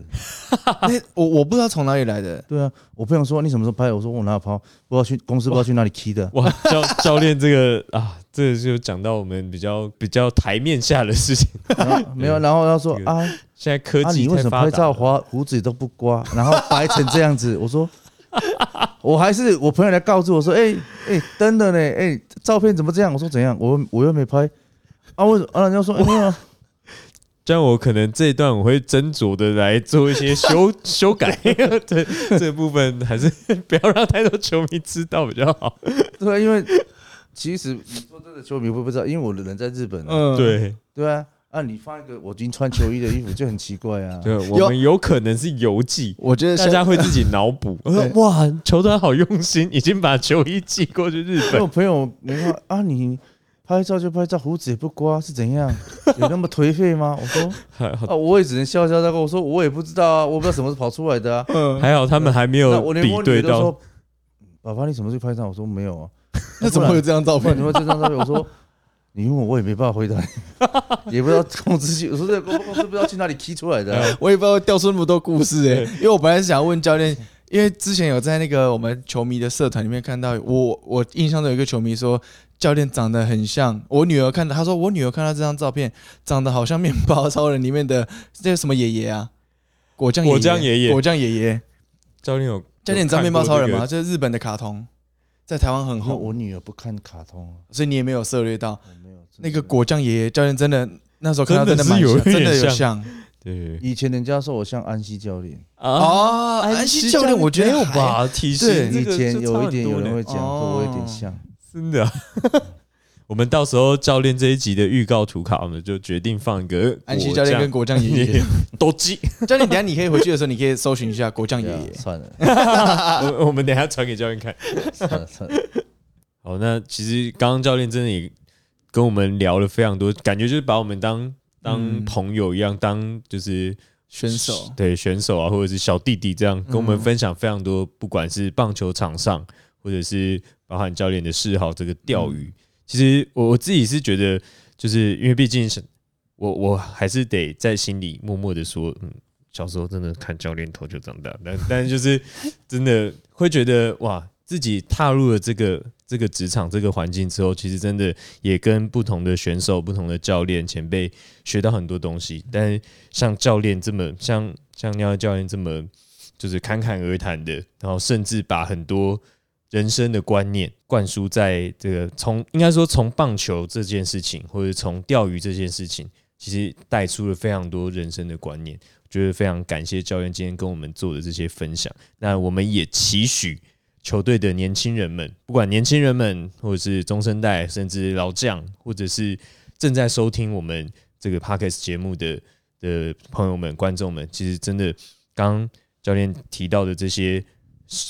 欸 欸！我我不知道從哪裡來的。對啊，我朋友說你什麼時候拍？我說我哪有拍？我要去公司，我不知道去哪裡 K 的、啊。哇， 教教練這個啊，這個、就講到我們比較比較台面下的事情、嗯。沒有，然後他說、這個、啊，現在科技、啊、為什麼拍照，花鬍子都不刮，然後白成這樣子。我說， 我還是我朋友來告訴我說，哎、欸、哎，真的呢，哎、欸，照片怎麼這樣？我說怎樣？我我又沒拍啊？為什麼啊？然後他說哎呀。欸沒有啊。像我可能這一段我會斟酌的來做一些修 修改，這 對 這部分還是不要讓太多球迷知道比較好，對，因為其實你說真的球迷會不，不知道，因為我的人在日本、啊，嗯，對，對啊，啊，你發一個我已經穿球衣的衣服就很奇怪啊，對，對，我們有可能是郵寄，我覺得大家會自己腦補，嗯、哇，球團好用心，已經把球衣寄過去日本， 我朋友話，啊、你看啊，你。拍照就拍照，鬍子也不刮，是怎樣？有那麼頹廢嗎？我說， 啊，我也只能笑笑那個。我說，我也不知道啊，我不知道什麼時候跑出來的啊。還好他們還沒有比對到。我說：“ 爸爸，你什麼時候拍照？”我說：“沒有啊。那” 那怎麼會有這張照片？怎麼會這張照片？ 我說：“你問我，我也沒辦法回答你， 也不知道我自己，我說這我不知道去哪裡踢出來的，啊， 我也不知道掉出那麼多故事哎，欸。因為我本來是想問教練，因為之前有在那個我們球迷的社團裡面看到，我我印象中有一個球迷說。”教練長得很像我女兒看到，她說我女兒看到這張照片，長得好像麵包超人裡面的，這是什麼爺爺啊，果醬爺爺果醬爺爺。教練有教練你知道麵包超人嗎？這個就是日本的卡通，在台灣很厚。我女兒不看卡通，所以你也沒有涉獵到。那個果醬爺爺，教練真的那時候看到真的蠻像，真的有像對。對，以前人家說我像安西教練啊。哦、uh, oh,，安西教練我覺得沒有吧，體以前有一點有人會講說我有點像。Oh, 真的、啊， 我們到時候教練這一集的預告圖卡，我們就決定放一個安西教練跟果醬爺爺都雞。教練，等一下你可以回去的時候，你可以搜尋一下果醬爺爺。算了， 我們等一下傳給教練看算了。算了 好，那其實剛剛教練真的也跟我們聊了非常多，感覺就是把我們當當朋友一樣，嗯、當就是選手，選手對選手啊，或者是小弟弟這樣，跟我們分享非常多，嗯、不管是棒球場上或者是。包含教練的嗜好，這個釣魚，嗯、其實我我自己是覺得，就是因為畢竟是我，我還是得在心裡默默的說，嗯，小時候真的看教練投就長大，但但就是真的會覺得哇，自己踏入了這個這個職場這個環境之後，其實真的也跟不同的選手、不同的教練前輩學到很多東西，但像教練這麼像像貓仔教練這麼就是侃侃而談的，然後甚至把很多。人生的觀念灌輸在這個，從應該說從棒球這件事情，或者從釣魚這件事情，其實帶出了非常多人生的觀念。我覺得非常感謝教練今天跟我們做的這些分享。那我們也期許球隊的年輕人們，不管年輕人們，或者是中生代，甚至老將，或者是正在收聽我們這個 Podcast 節目的的朋友們、觀眾們，其實真的剛教練提到的這些。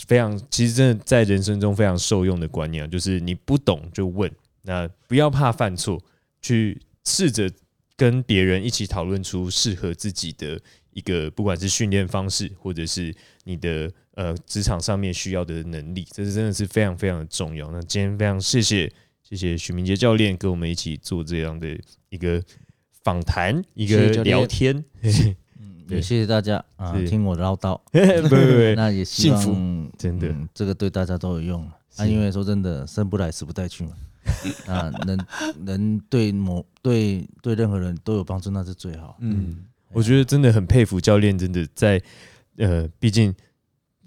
非常，其實真的在人生中非常受用的觀念啊，就是你不懂就問，那不要怕犯錯，去試着跟別人一起討論出適合自己的一個，不管是訓練方式，或者是你的呃職場上面需要的能力，這是真的是非常非常的重要。那今天非常謝謝謝謝許銘傑教練跟我們一起做這樣的一個訪談，一個聊天。謝謝 也謝謝大家啊、呃，聽我的嘮叨。 那也希望真的、嗯、這個對大家都有用啊，啊，啊，因為說真的，生不來死不帶去嘛。 啊，能能對某對對任何人都有幫助，那是最好。嗯，嗯、啊，我覺得真的很佩服教練，真的在呃，畢竟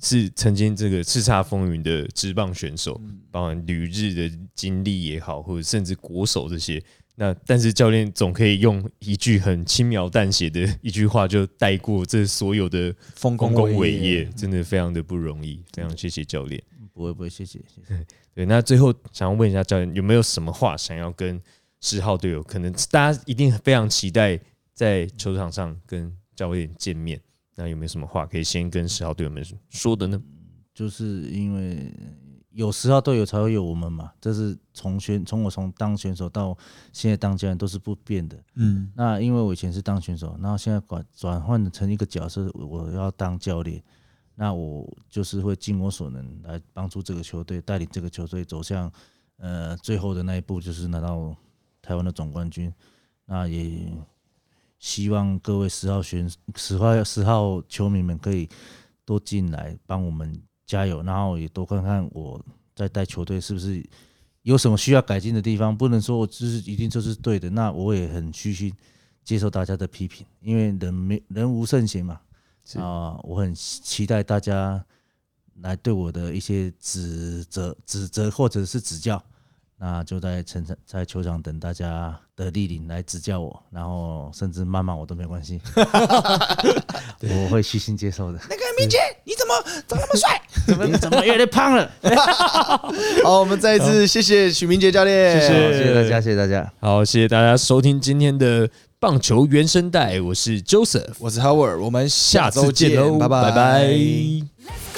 是曾經這個叱咤風雲的職棒選手、嗯，包括旅日的經歷也好，或者甚至國手這些。那但是教練總可以用一句很輕描淡寫的一句話就帶過這所有的豐功偉業，真的非常的不容易，非常謝謝教練、嗯，非常謝謝教練。不會不會，謝謝謝謝。對，那最後想要問一下教練，有沒有什麼話想要跟十號隊友？可能大家一定非常期待在球場上跟教練見面，那有沒有什麼話可以先跟十號隊友們說的呢？就是因為。有十號隊友才會有我們嘛，這是從選，從我從當選手到現在當教練都是不變的。嗯，那因為我以前是當選手，那現在轉轉換成一個角色，我要當教練，那我就是會盡我所能來幫助這個球隊，帶領這個球隊走向，呃，最後的那一步就是拿到台灣的總冠軍。那也希望各位十號選，十號，十號球迷們可以多進來幫我們。加油，然後也多看看我在帶球隊是不是有什麼需要改進的地方，不能說我就是一定就是對的，那我也很虛心接受大家的批評，因為人沒人無聖賢嘛啊，呃，我很期待大家來對我的一些指責、指責或者是指教，那就在場在球場等大家。的弟弟來指教我，然後甚至罵罵我都沒關係， 我會虛心接受的。那個銘傑，你怎麼長那麼帥？怎麼、麼 怎麼越來越胖了？ 好，我們再一次謝謝許銘傑教練，謝謝謝謝大家，謝謝大家，謝謝大家。好，謝謝大家收聽今天的棒球原聲帶，我是 Joseph，我是 Howard，我們下次見嘍，拜拜。